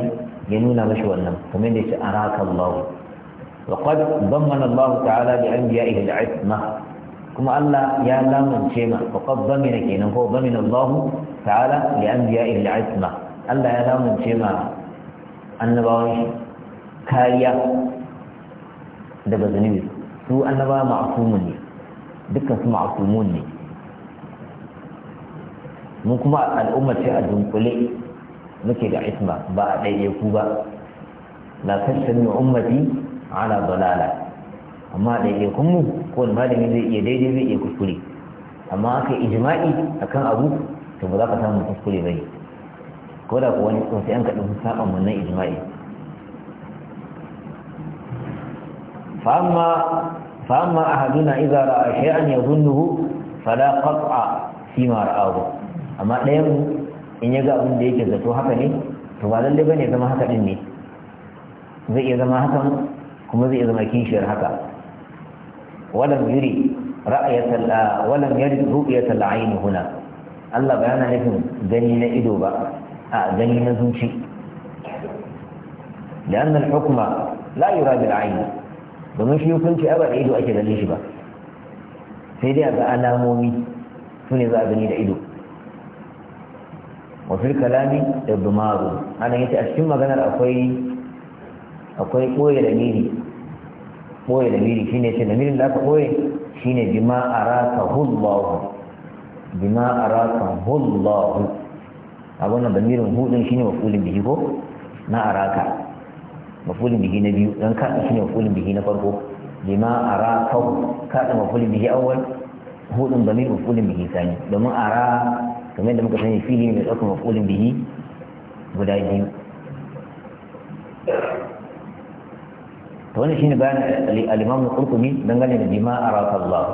ya nuna mashi wannan kamar da yake araka Allah wa qad dammana Allah ta'ala bi anbiya'ihi al-isma kuma Allah ya lamunce ma wa qad damina kenan ko damina Allah ta'ala li anbiya'ihi al-isma Allah ya lamunce ma annabawan shi kariya daga zunubi su annaba ma'asumun ne dukkan su ma'asumun ne mun kuma al'ummar ce a dunkule muke da isma ba a ɗaiɗe ku ba la tashtami ummati ala dalala amma ɗaiɗe kun mu ko malami zai iya daidai zai iya kuskure amma aka ijma'i akan abu to ba za ka samu kuskure ba ne ko da wani tsunsu yanka ɗin saƙon wannan a ijma'i فأما أحدنا إذا رأى شيئا يظنه فلا قطع فيما رآه Amma ɗayan in ya ga abin da yake zato haka ne to ba lalle bane zama haka din ne zai iya zama hakan kuma zai iya zama kishiyar haka walam yuri ra'ayatal walam yuri ru'yatal ayn huna Allah ba yana nufin gani na ido ba a gani na zuci da annal hukuma la yura bil ayn domin shi hukunci a ba da ido ake ganin shi ba sai dai a ga alamomi su ne za a gani da ido Wasu kalami da dumaru ana yace a cikin maganar akwai akwai ɓoye da miri ɓoye da miri shine ce da mirin da aka ɓoye shine bima araka hullahu bima araka hullahu a wannan damirin hudun shine mafulin bihi ko na araka mafulin bihi na biyu dan ka shine mafulin bihi na farko lima araka ka da mafulin bihi awwal hudun damir mafulin bihi sani domin ara kamar yadda muka sani fili ne mai mafulin bihi guda biyu to wannan shine bayan al-Imam al-Qurtubi dangane da bima araka Allah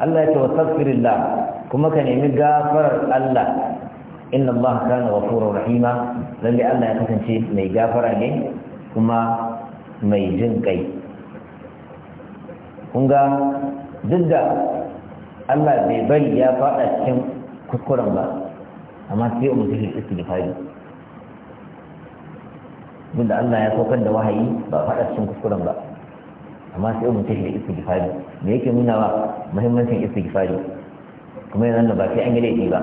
Allah ya ce wastaghfirillah kuma ka nemi gafarar Allah inna Allah kana ghafurur rahima lalle Allah ya kasance mai gafara ne kuma mai jin kai kun ga duk da Allah bai bari ya fada cikin kuskuren ba amma sai mu tafi istighfari duk da Allah ya saukar da wahayi ba fada cikin kuskuren ba amma sai mu cikin istighfari me yake nuna wa muhimmancin istighfari kuma yanzu ba sai an yi laifi ba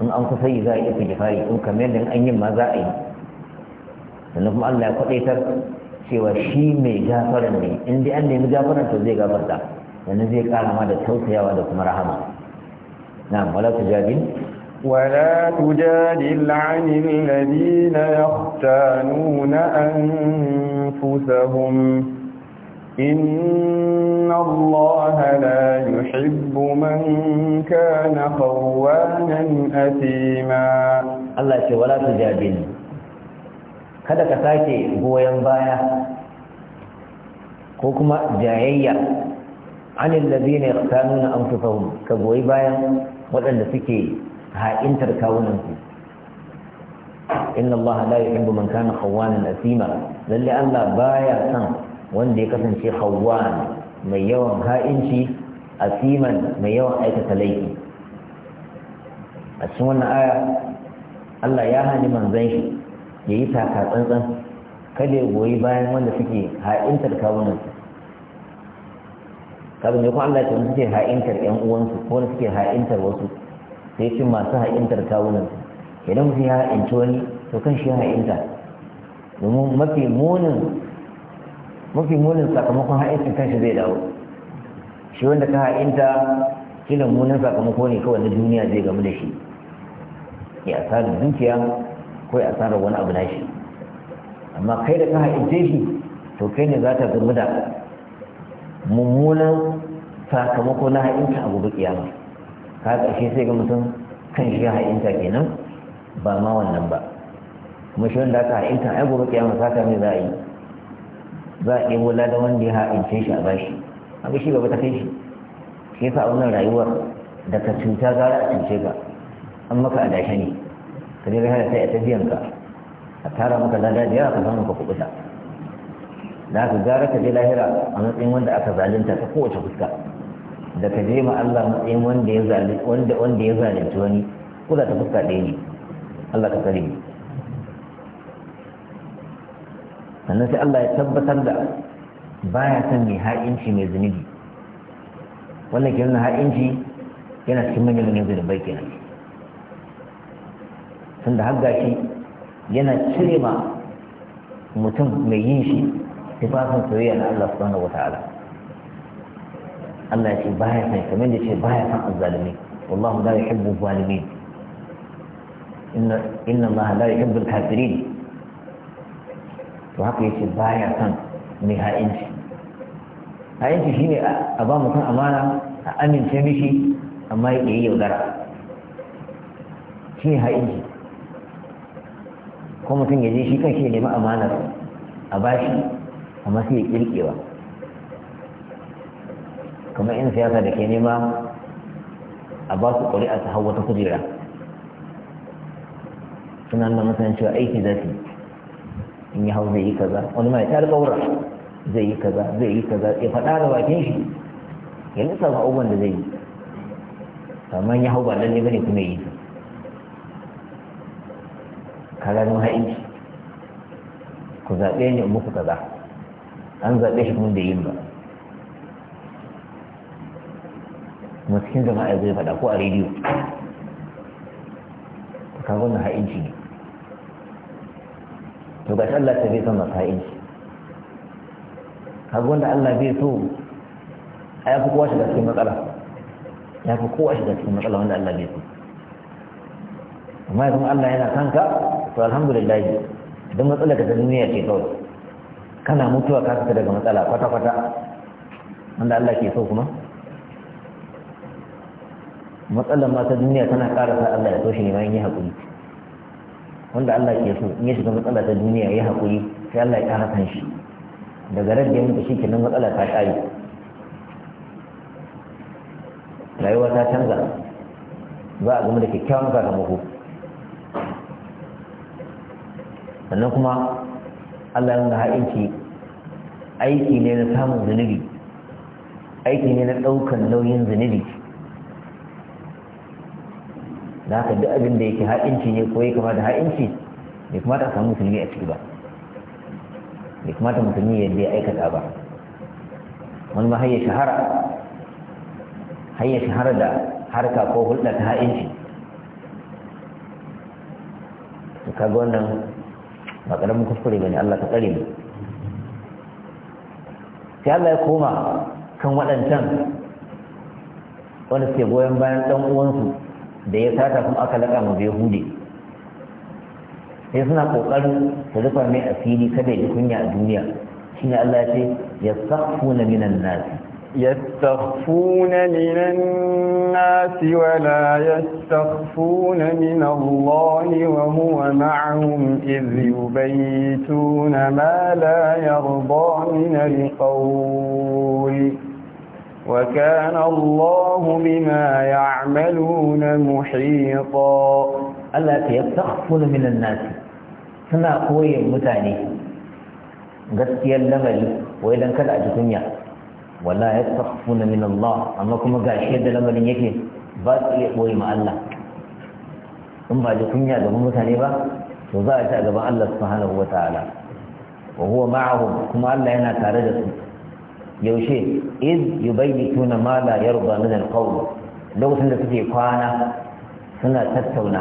in an kusa yi za a iya fijifari in kamar yadda an yi ma za a yi sannan kuma Allah ya kwaɗaitar cewa shi mai gafaran ne in dai an nemi gafaran to zai gafarta yanzu zai kara ma da tausayawa da kuma rahama na'am wala tujadil ولا تجادل عن الذين يختانون أنفسهم إن الله لا يحب من كان خوانا أثيما الله يقول ولا تجادل kada ka sake goyon baya ko kuma jayayya anil ladina yaqtanuna anfusahum ka goyi bayan waɗanda suke ha'intar kawunansu inna allaha la yuhibbu man kana khawanan asima lalle Allah baya san wanda ya kasance hawa mai yawan ha'inci a siman mai yawan aikata laifi a cikin wannan aya Allah ya hani manzan shi ya yi taka tsantsan kada ya goyi bayan wanda suke ha'intar kawunan. su kaga ne kuma Allah ya tsaye suke ha'intar ƴan uwansu ko wanda suke ha'intar wasu sai cin masu ha'intar su idan mutum ya ha'inci wani to kan shi ya ha'inta domin mafi munin mafi munin sakamakon ha'inta kanshi zai dawo shi wanda ka ha'inta kila munin sakamako ne kawai na duniya zai gamu da shi ya asarar dukiya ko ya asarar wani abu nashi amma kai da ka ha'ince shi to kai ne za ta gamu da mummunan sakamako na ha'inta a gobe kiyama ka ƙarshe sai ga mutum kan shi ha'inta kenan ba ma wannan ba kuma shi wanda aka ha'inta ai gobe kiyama ta mai za a yi za a ɗebo ladan wanda ya ha'ince shi a bashi abin shi gaba ta kai shi shi yasa a wannan rayuwar da ka cuta gara a cuce ka an maka dashe ne ka je rahara sai a ta biyan ka a tara maka lada da yawa ka samu ka kubuta da haka gara ka je lahira a matsayin wanda aka zalunta ta kowace fuska da ka je ma Allah matsayin wanda ya zalunta wani kula ta fuska ɗaya ne Allah ka ni. sannan sai Allah ya tabbatar da baya son mai ha'inci mai zunubi wannan ke nuna ha'inci yana cikin manyan manyan zunubai kenan tunda har gashi yana cire ma mutum mai yin shi tufafin soyayya na Allah subhanahu wa ta'ala Allah ya ce baya son kamar da ce baya son azzalimi wallahu la yuhibbu zalimin inna inna Allah la yuhibbu al-kafirin to haka yake baya son mai ha'inci ha'inci shi ne a ba mutum amana a amince mishi amma ya yi yaudara shi ne ha'inci ko mutum ya je shi kan shi ya nemi amanar a bashi amma sai ya kirkewa kamar yan siyasa da ke nema a ba su ƙuri'a ta hau wata kujera suna nuna masana cewa aiki za su yi in yi hau zai yi kaza wani mai tar gaura zai yi kaza zai yi kaza ya faɗa da bakin shi ya nisa lissafa abubuwan da zai yi amma ya hau ba ne bane kuma yi su ka gano ha'inci ku zaɓe ni muku kaza an zaɓe shi kuma da yin ba kuma cikin jama'a zai faɗa ko a rediyo ka gano ha'inci ne to ga Allah ta bai son masa'in shi kaga wanda Allah bai so a ya fi kowa shiga cikin matsala ya fi kowa shiga cikin matsala wanda Allah bai so amma yanzu Allah yana kanka to alhamdulillah don matsalar ka ta duniya ce kawai kana mutuwa ka fita daga matsala kwata-kwata wanda Allah ke so kuma matsalar ma ta duniya tana ƙarasa Allah ya so shi ne bayan yi haƙuri wanda Allah ke so in ya shiga matsala ta duniya ya haƙuri sai Allah ya ƙara kan shi daga ran da mutu shi kenan matsala ta ƙare rayuwa ta canza za a gama da kyakkyawan sakamako sannan kuma Allah ya nuna ha'inci aiki ne na samun zunubi aiki ne na ɗaukan nauyin zunubi da haka duk abin da yake ha'inci ne ko ya kama da ha'inci bai kamata a samu musulmi a ciki ba bai kamata musulmi ya je aikata ba wani ma hayya shahara hayya shahara da harka ko hulɗa ta ha'inci to kaga wannan ba ƙaramin kuskure ba ne Allah ta tsare mu sai Allah ya koma kan waɗancan wanda suke goyon bayan ɗan uwansu da ya sata kuma aka laƙa ma bai hude sai suna ƙoƙarin su rufa mai asiri kada ya kunya a duniya shine Allah ya ce yastaghfuna minan nasi يستخفون من الناس ولا يستخفون wa الله وهو معهم إذ يبيتون ما لا يرضى من القول وكان الله بما يعملون محيطا الله يتخفل من الناس suna koyin mutane gaskiyar lamari wai don kada a ji kunya wala ya tafuna min Allah amma kuma gashi yadda lamarin yake ba su iya koyi Allah in ba ji kunya gaban mutane ba to za a ci a gaban Allah subhanahu ta'ala wa huwa kuma Allah yana tare da su yaushe iz yubayyituna ma la yarda min alqawl qawl lokacin da suke kwana suna tattauna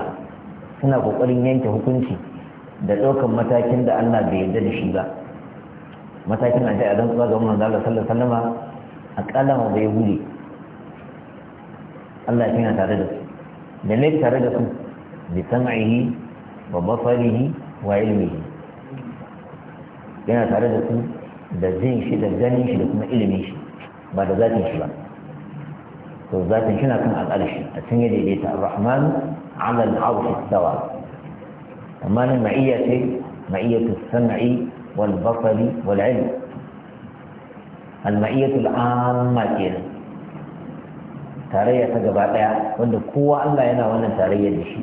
suna kokarin yanke hukunci da daukan matakin da Allah bai yarda da shi ba matakin a da dan tsaga mun da Allah sallallahu alaihi wasallam akalla ma bai gure Allah yana tare da su da ne tare da su bi sam'ihi wa basarihi wa ilmihi yana tare da su da jin shi da ganin shi da kuma ilimin shi ba da zatin shi ba to zatin shi na kan al'arshi a cikin yadda ya ta rahman ala al-arshi sawa amma nan ma'iyya ce ma'iyyatu sam'i wal basari wal ilm al-ma'iyyatu al-amma kenan tarayya ta gaba daya wanda kowa Allah yana wannan tarayyar da shi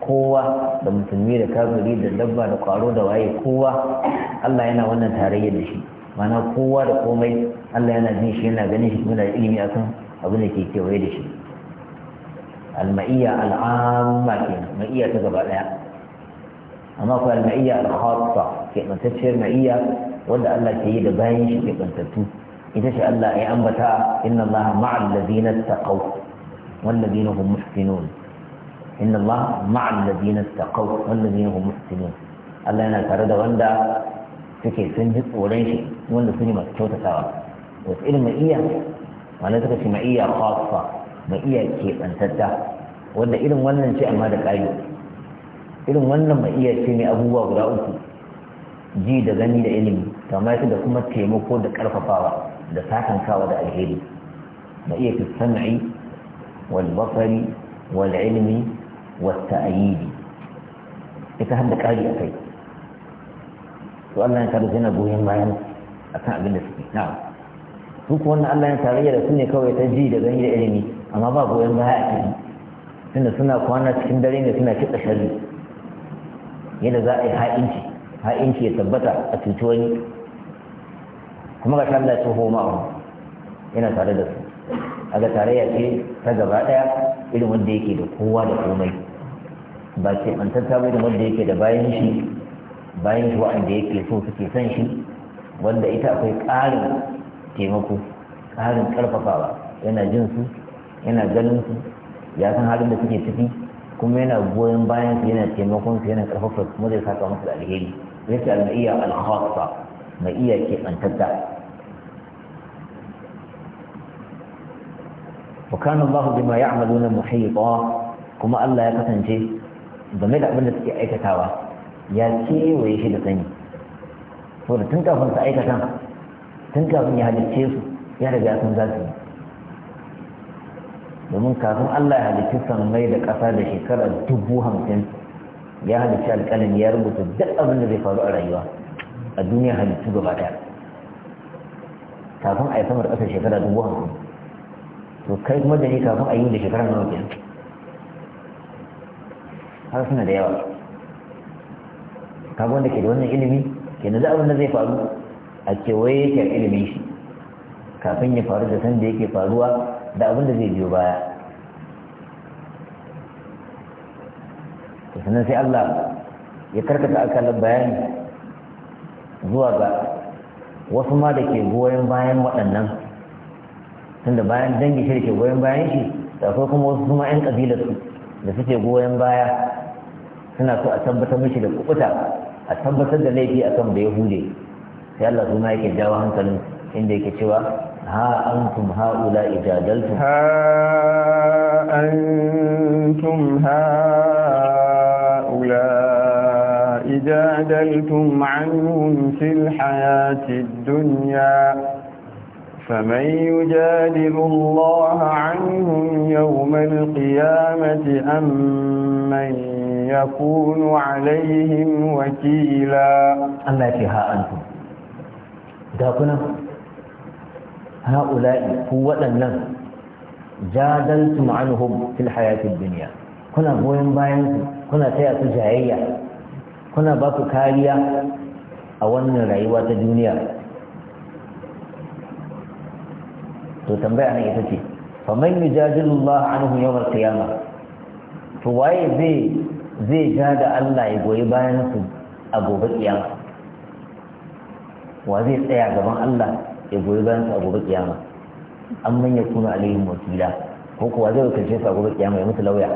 kowa da musulmi da kafiri da dabba da kwaro da waye kowa Allah yana wannan tarayyar da shi mana kowa da komai Allah yana jin shi yana ganin shi kuma da ilimi akan abu da ke kewaye da shi al-ma'iyya al-amma kenan ma'iyya ta gaba daya amma ko al-ma'iyya al-khassa ke bantacciyar ma'iyya wanda Allah ke yi da bayan shi ke bantattu ita ce Allah ya ambata inna Allah ma'al ladina taqaw wal ladina hum muhsinun inna Allah ma'al ladina taqaw wal ladina hum muhsinun Allah yana tare da wanda suke sun ji tsoron shi wanda su ne masu kyautatawa wasu irin ma'iyya wanda suka ce ma'iyya khassa ma'iyya ke tsantatta wanda irin wannan ce amma da ƙari irin wannan ma'iyya ce ne abubuwa guda uku ji da gani da ilimi kama da kuma taimako da karfafawa da sakankawa da alheri ma'iyya fi sam'i wal basari wal ilmi wata ayidi ita har da ƙari a to Allah ya tarayya yana goyon bayan akan abin da suke na'am su ko wannan Allah ya tarayya da su ne kawai ta ji da gani da ilimi amma ba goyon baya a ciki tunda suna kwana cikin dare ne suna kiɗa sharri yadda za a yi ha'inci ya tabbata a cuci wani kuma ga Allah ya taho yana tare da su a ga tarayya ce ta gaba ɗaya irin wanda yake da kowa da komai ba ke bantanta bai da wanda yake da bayan shi bayan shi wa'anda yake so suke son shi wanda ita akwai ƙarin taimako ƙarin ƙarfafawa yana jin su yana ganin su ya san halin da suke ciki kuma yana goyon bayan su yana taimakon su yana ƙarfafa kuma zai saka musu da alheri zai ce al-ma'iyya al-khassa ma'iyya ke bantanta وكان الله بما يعملون kuma allah ya kasance. game da abin da suke aikatawa ya kewaye shi da sani da tun kafin su aikata tun kafin ya halicce su ya riga sun za su yi domin kafin Allah ya halicci sammai da ƙasa da shekarar dubu hamsin ya halicci alƙalin ya rubuta duk abin da zai faru a rayuwa a duniya halittu gaba ɗaya kafin a yi samar ƙasa shekara dubu hamsin to kai kuma da ni kafin a yi da shekara nawa kenan har suna da yawa kaga wanda ke da wannan ilimi ke da abin da zai faru a kewaye yake ilimin shi kafin ya faru da san da yake faruwa da abin da zai biyo baya sannan sai Allah ya karkata akalin bayani zuwa ga wasu ma da ke goyon bayan waɗannan da bayan dangi shirke da ke goyon bayan shi da akwai kuma wasu kuma 'yan ƙabilarsu da suke goyon baya suna so a tabbatar mishi da kubuta a tabbatar da laifi akan da ya hude sai Allah kuma yake jawo hankalin inda yake cewa ha antum haula ijadaltum ha antum haula جادلتم عنهم في hayati الدنيا فمن يجادل الله عنهم يوم القيامة أم من يكون عليهم وكيلا الله فيها أنتم داكنا هؤلاء قوة لنا جادلتم عنهم في الحياة الدنيا كنا بوين باين كنا سيئة جاهية كنا باكو كالية أولنا رعيوات الدنيا to tambaya ne ita ce fa man yujadilu anhu yawmal al-qiyamah to waye zai zai ja da Allah ya goyi bayan su a gobe kiyama wa zai tsaya gaban Allah ya goyi bayan su a gobe kiyama an man yakuna alaihim wakila ko kuwa zai wakilce su a gobe kiyama ya mutu lauya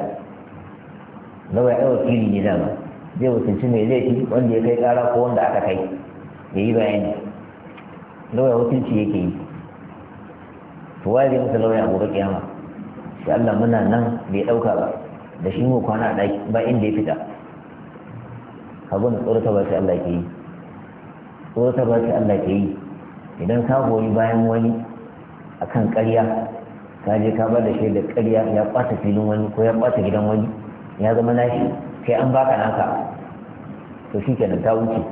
lauya ya wakili ne dama zai wakilci mai laifi wanda ya kai kara ko wanda aka kai ya yi bayani lauya wakilci yake yi to waye zai masa lauya a gobe kiyama shi Allah muna nan bai dauka ba da shi mu kwana a ba inda ya fita abun tsorata ba sai Allah ke yi tsorata ba sai Allah ke yi idan ka goyi bayan wani akan ƙarya ka je ka ba da shi da ƙarya ya ɓata filin wani ko ya ɓata gidan wani ya zama nashi kai an baka naka to shi kenan ta wuce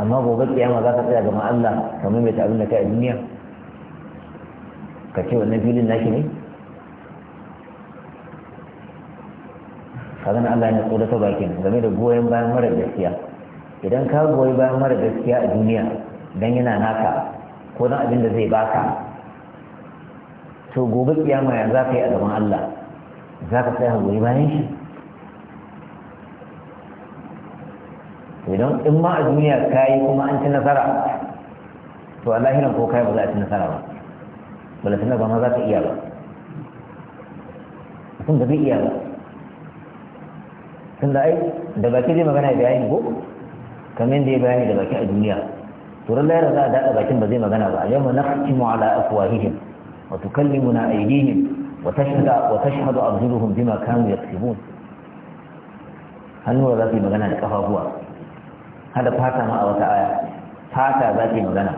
amma gobe kiyama za ka tsaya gaban Allah kamar mai ta abin da kai a duniya ka ce wannan filin naki ne Ka na Allah ya tsoro ta bakin game da goyon bayan mara gaskiya idan ka goyi bayan mara gaskiya a duniya dan yana naka ko dan abin da zai baka to gobe kiyama ya za ka yi a gaban Allah za ka tsaya goyi bayan shi idan in ma a duniya ka yi kuma an ci nasara to a lahiran ko kai ba za a ci nasara ba Boleh dengar ma za iya ba mutum tapi iya ba tun da dia da baki zai magana da yayin ko kamar da ya bayani da baki a duniya turan layar za a daɗa bakin ba zai ala afwahihim wa tukallimuna aydihim wa tashhadu wa tashhadu arjuluhum bima kanu yaksubun hannuwa za su yi magana da kafafuwa hada fata ma a wata aya fata za su yi magana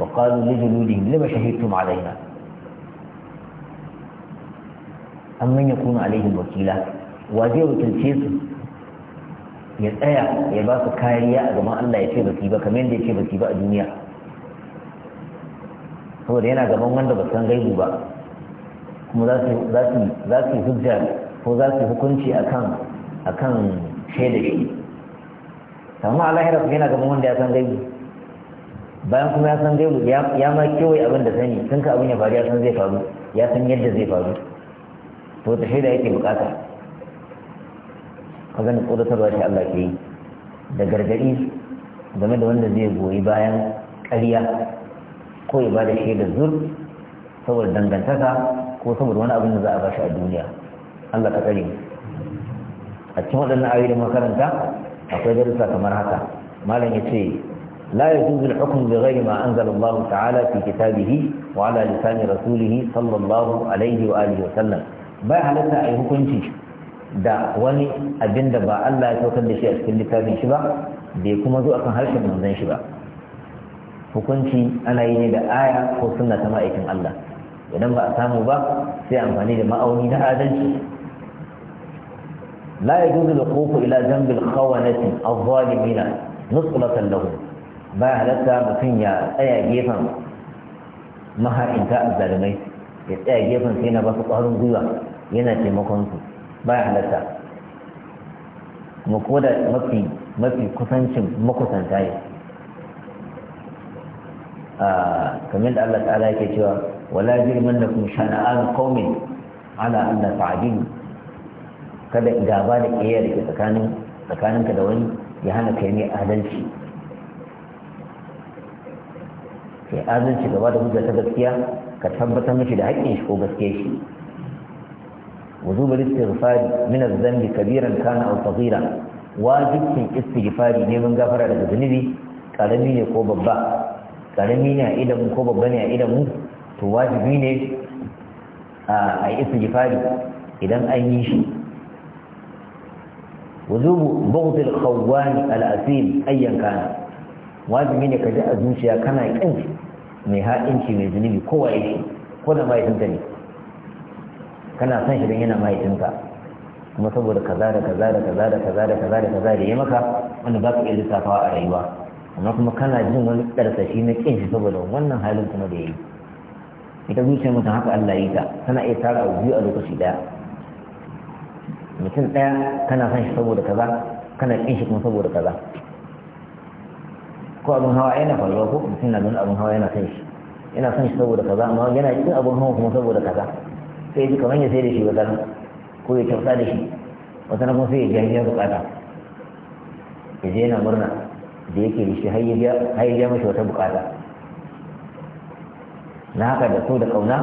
wa qalu li juludihim lima shahidtum alaina an manya kuna alaihim wakila wa zai wakilce su ya tsaya ya ba su kariya a gaban Allah ya ce ba ba kamar yadda ya ce ba ba a duniya saboda yana gaban wanda ba san gaibu ba kuma za su yi hujja ko za su yi hukunci akan akan shaida shi amma alahira yana gaban wanda ya san gaibu bayan kuma ya san gaibu ya ma kewaye abin da sani sun ka abin ya faru ya san zai faru ya san yadda zai faru to ta shaida yake bukata ka gani tsoratarwa shi Allah ke yi da gargaɗi game da wanda zai goyi bayan ƙarya ko ya ba da shaida zur saboda dangantaka ko saboda wani abin da za a bashi a duniya Allah ka tsare a cikin waɗannan ayoyi da makaranta akwai darussa kamar haka malam ya ce لا يجوز الحكم بغير ما أنزل الله تعالى في كتابه وعلى لسان رسوله صلى الله عليه وآله وسلم ya halatta a yi hukunci da wani abin da ba Allah ya saukar da shi a cikin littafin shi ba bai kuma zo akan harshen manzon shi ba hukunci ana yi ne da aya ko sunna ta ma'aikin Allah idan ba a samu ba sai amfani da ma'auni na adalci la yajuzu da koko ila dhanbi al-khawanati adh-dhalimina nusqatan lahum ba halatta mutum ya tsaya gefen maha'inta azzalimai ya tsaya gefen sai na ba su ƙwarin gwiwa yana taimakon su baya halatta kuma ko da mafi mafi kusancin makusanta ne kamar da Allah ta'ala yake cewa wala jirman da kun shana'an qaumin ala an ta'dilu kada gaba da ƙiyar da tsakanin tsakaninka da wani ya hana kai ne adalci kai adalci gaba da hujja ta gaskiya ka tabbatar mishi da haƙƙin shi ko gaske shi wuzubul istighfar min az-zambi kabiran kana aw saghira wajibin istighfari neman gafara daga zunubi karami ne ko babba karami ne a idan ko babba ne a idan mu to wajibi ne a istighfari idan an yi shi wuzubu bughd al-khawwan al-asim ayyan kana wajibi ne ka ji a zuciya kana kin mai ha'inci mai zunubi kowa yake ko da mahaifinka ne kana son shi don yana mahaifinka kuma saboda kaza da kaza da kaza da kaza da kaza da kaza da ya maka wanda ba ka iya lissafawa a rayuwa amma kuma kana jin wani ɗarsashi na ƙin shi saboda wannan halin kuma da ya yi ita zuciyar mutum haka Allah yi ta tana iya tara abu biyu a lokaci ɗaya mutum ɗaya kana son shi saboda kaza kana ƙin shi kuma saboda kaza ko abin hawa yana faruwa ko mutum na nuna abin hawa yana son shi yana son shi saboda kaza amma yana cikin abin hawa kuma saboda kaza sai ji kamar ya sai da shi wata ko ya kyauta da shi wata na kuma sai ya ji hanyar bukata ya je yana murna da yake da shi har ya mashi wata bukata na haka da so da kauna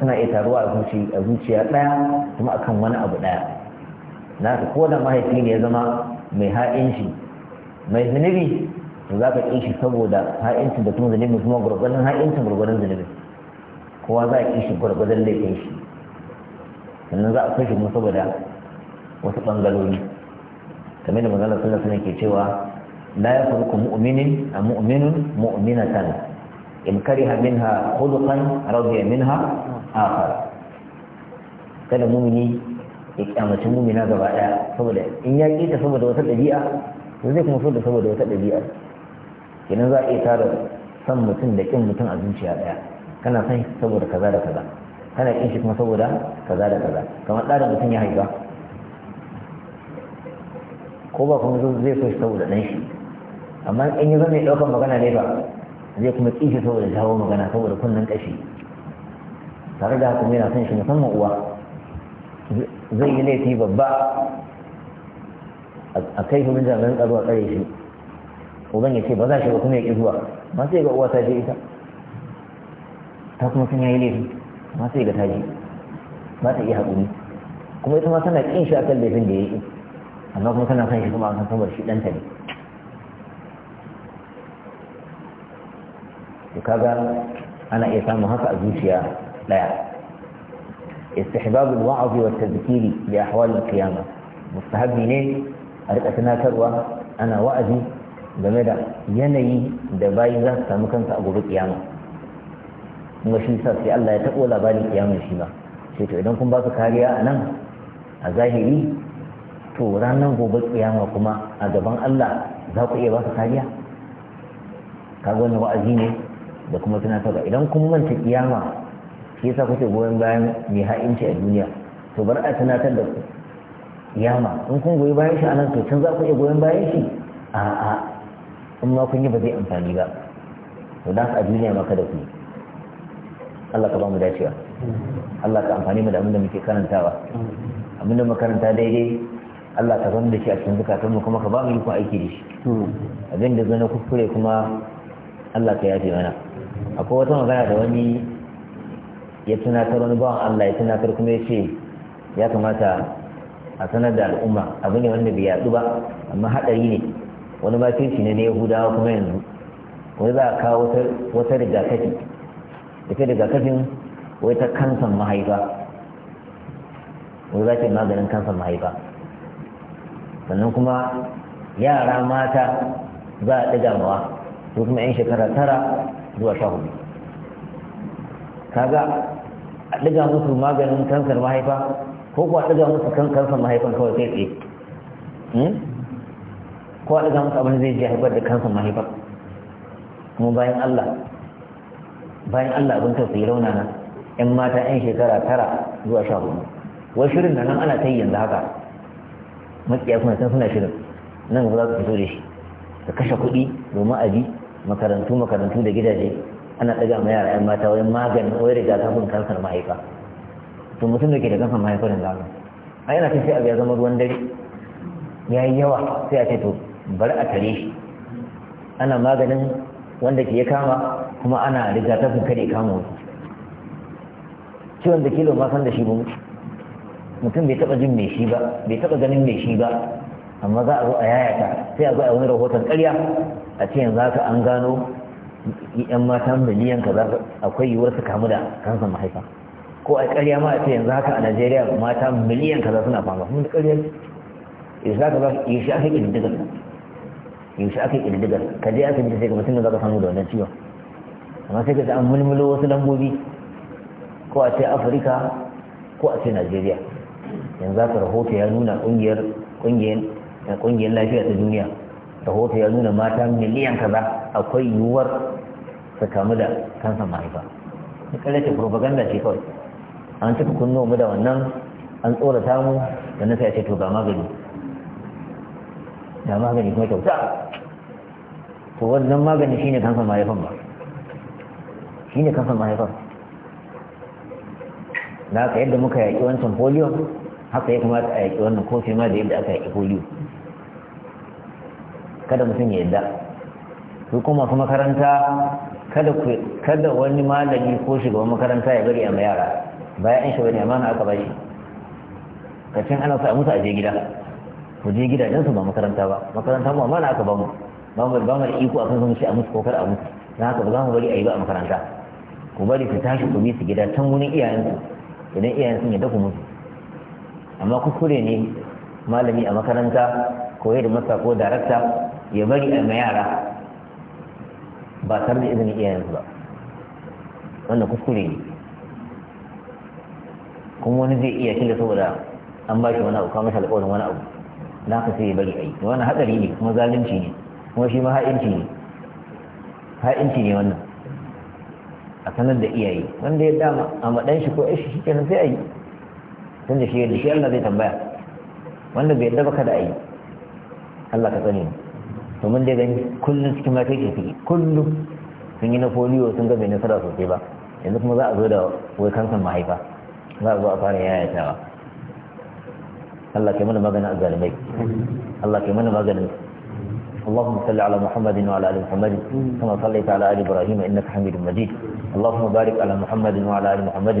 suna iya taruwa a zuciya ɗaya kuma akan wani abu ɗaya na haka ko da mahaifi ne ya zama mai ha'inci shi mai zunubi za ka ƙi shi saboda ha'incin da kuma zunubin kuma gwargwadon ha'incin gwargwadon zunubin kowa za a ƙi shi gwargwadon laifin shi sannan za a kai shi kuma saboda wasu ɓangarori kamar da maganar sallar suna ke cewa la ya faru farko mu'minin a mu'minun mu'minatan in ha ha min kariha minha khuluqan min ha akhar kada mumini ya kyamace mumina gaba daya saboda in ya ƙi ta saboda wata ɗabi'a zai kuma so da saboda wata ɗabi'a kenan za a iya tara san mutum da kin mutum a zuciya daya kana san shi saboda kaza da kaza kana kin shi kuma saboda kaza da kaza kamar ɗa da mutum ya haifa ko ba kuma zai so shi saboda ɗan shi amma in yi zama ya ɗaukar magana ne ba zai kuma ƙi shi saboda jawo magana saboda kunnen ƙashi tare da haka yana son shi musamman uwa zai yi laifi babba a kai shi jami'an tsaro a tsare shi uban ya ce ba za shi ba kuma ya ƙi zuwa ma sai ga uwa ta je ita ta kuma sun yayi laifi ma sai ga ta je ba ta iya haƙuri kuma ita ma tana ƙin shi akan laifin da ya yi amma kuma tana son shi kuma an san saboda shi ɗanta ne to kaga ana iya samun haka a zuciya ɗaya استحباب الوعظ والتذكير بأحوال القيامة مستحب منين أرقى تناكر أنا وأذي game da yanayi da bayi za su samu kansa a gobe kiyama kuma shi sa sai Allah ya taɓo labarin kiyama shi ba sai to idan kun ba su kariya a nan a zahiri to ranar gobe kiyama kuma a gaban Allah za ku iya ba su kariya kaga wani wa'azi ne da kuma tunatarwa idan kun manta kiyama shi yasa kuke goyon bayan mai ha'inci a duniya to bar a tunatar da ku kiyama in kun goyi bayan shi a nan to can za ku iya goyon bayan shi a'a in ma kun yi ba zai amfani ba to da a duniya ma kada ku Allah ka ba mu dacewa Allah ka amfani mu da abin da muke karantawa abin da makaranta daidai Allah ka zama da shi a cikin zukatan mu kuma ka ba mu ikon aiki da shi abin da zana kuskure kuma Allah ka yafe mana akwai wata magana da wani ya tunatar wani bawan Allah ya tunatar kuma ya ce ya kamata a sanar da al'umma abu ne wanda bai yaɗu ba amma haɗari ne wani makirci ne na yahudawa kuma yanzu wani za a kawo wata rigakafi ita rigakafin wai ta kansan mahaifa wai za ke maganin kansan mahaifa sannan kuma yara mata za a ɗiga mawa su kuma 'yan shekara tara zuwa sha hudu kaga a ɗiga musu maganin kansar mahaifa ko kuwa ɗiga musu kan kansar mahaifan kawai kai tsaye hmm? ko da masa abin zai ji haifar da kansa mahaifar kuma bayan Allah bayan Allah abin tausayi yi nan yan mata 'yan shekara tara zuwa sha hudu wai shirin da nan ana ta yi yanzu haka makiya kuma sun suna shirin nan gaba za su fito da shi ka kashe kuɗi domin aji makarantu makarantu da gidaje ana ɗaga ma yara 'yan mata wani maganin wai rigakafin kansar mahaifa to mutum da ke da kansar mahaifar da haka ai yana ta sai abu ya zama ruwan dare ya yi yawa sai a ce to bari a tare shi ana maganin wanda ke ya kama kuma ana riga kada ya kama wasu ciwon da kilo ma san da shi ba mutum bai taba jin mai shi ba bai taba ganin mai shi ba amma za a zo a yayata sai a zo a wani rahoton karya a ce yanzu haka an gano yan mata miliyan kaza akwai yiwuwar su kamu da kansa mahaifa ko a karya ma a ce yanzu haka a Najeriya mata miliyan kaza suna fama mun da ƙarya yanzu haka za su yi shi aka duka. yaushe aka ƙididdigar ka je asibiti sai ka mutum za ka samu da wannan ciwon amma sai ka an mulmulo wasu lambobi ko a ce afirka ko a ce najeriya yanzu aka rahoto ya nuna ƙungiyar lafiya ta duniya rahoto ya nuna mata miliyan kaza akwai yiwuwar su kamu da kansa mahaifa ta kallace propaganda ce kawai an cika kunno mu da wannan an tsorata mu da nasa ya ce to ga magani da magani kuma kyauta to wannan magani shine kansan mahaifan ba shine kansan mahaifan da aka yadda muka yaƙi wancan polio haka ya kamata a yaƙi wannan kofi ma da yadda aka yaƙi polio kada mutum ya yadda su kuma kuma makaranta kada wani malami ko shugaban makaranta ya bari a yara bayan an shi wani amana aka bashi kacin ana sa musu aje gida ku je gidajensu ba makaranta ba makaranta mu amana aka bamu ba mu ba mu da iko akan mu shi a musu kokar a musu na haka ba za mu bari a yi ba a makaranta ku bari su tashi ku bi su gida can wurin iyayensu idan iyayen sun yadda ku musu amma kuskure ne malami a makaranta ko da masa ko darakta ya bari a ma yara ba tare da izinin iyayensu ba wannan kuskure ne kuma wani zai iya kila saboda an ba shi wani abu kuma masa alƙawarin wani abu na ka sai bari ai wani hadari ne kuma zalunci ne kuma shi ma ha'inci ne ha'inci ne wannan a sanar da iyaye wanda ya dama a madan shi ko ishi shi kenan sai ai tun da shi da shi Allah zai tambaya wanda bai yadda baka da ai Allah ka sani to mun dai gani kullum cikin ma ke fiki kullum sun yi na foliyo sun ga bai nasara sosai ba yanzu kuma za a zo da wai kansan mahaifa za a zo a fara yayatawa Allah kai mana maganin الله Allah kai mana maganin اللهم صل على محمد وعلى ال محمد كما صليت على ال ابراهيم انك حميد مجيد اللهم بارك على محمد وعلى ال محمد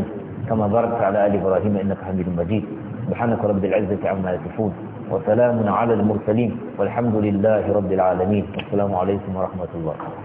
كما باركت على ال ابراهيم انك حميد مجيد سبحانك رب العزه عما يصفون وسلام على المرسلين والحمد لله رب العالمين والسلام عليكم ورحمه الله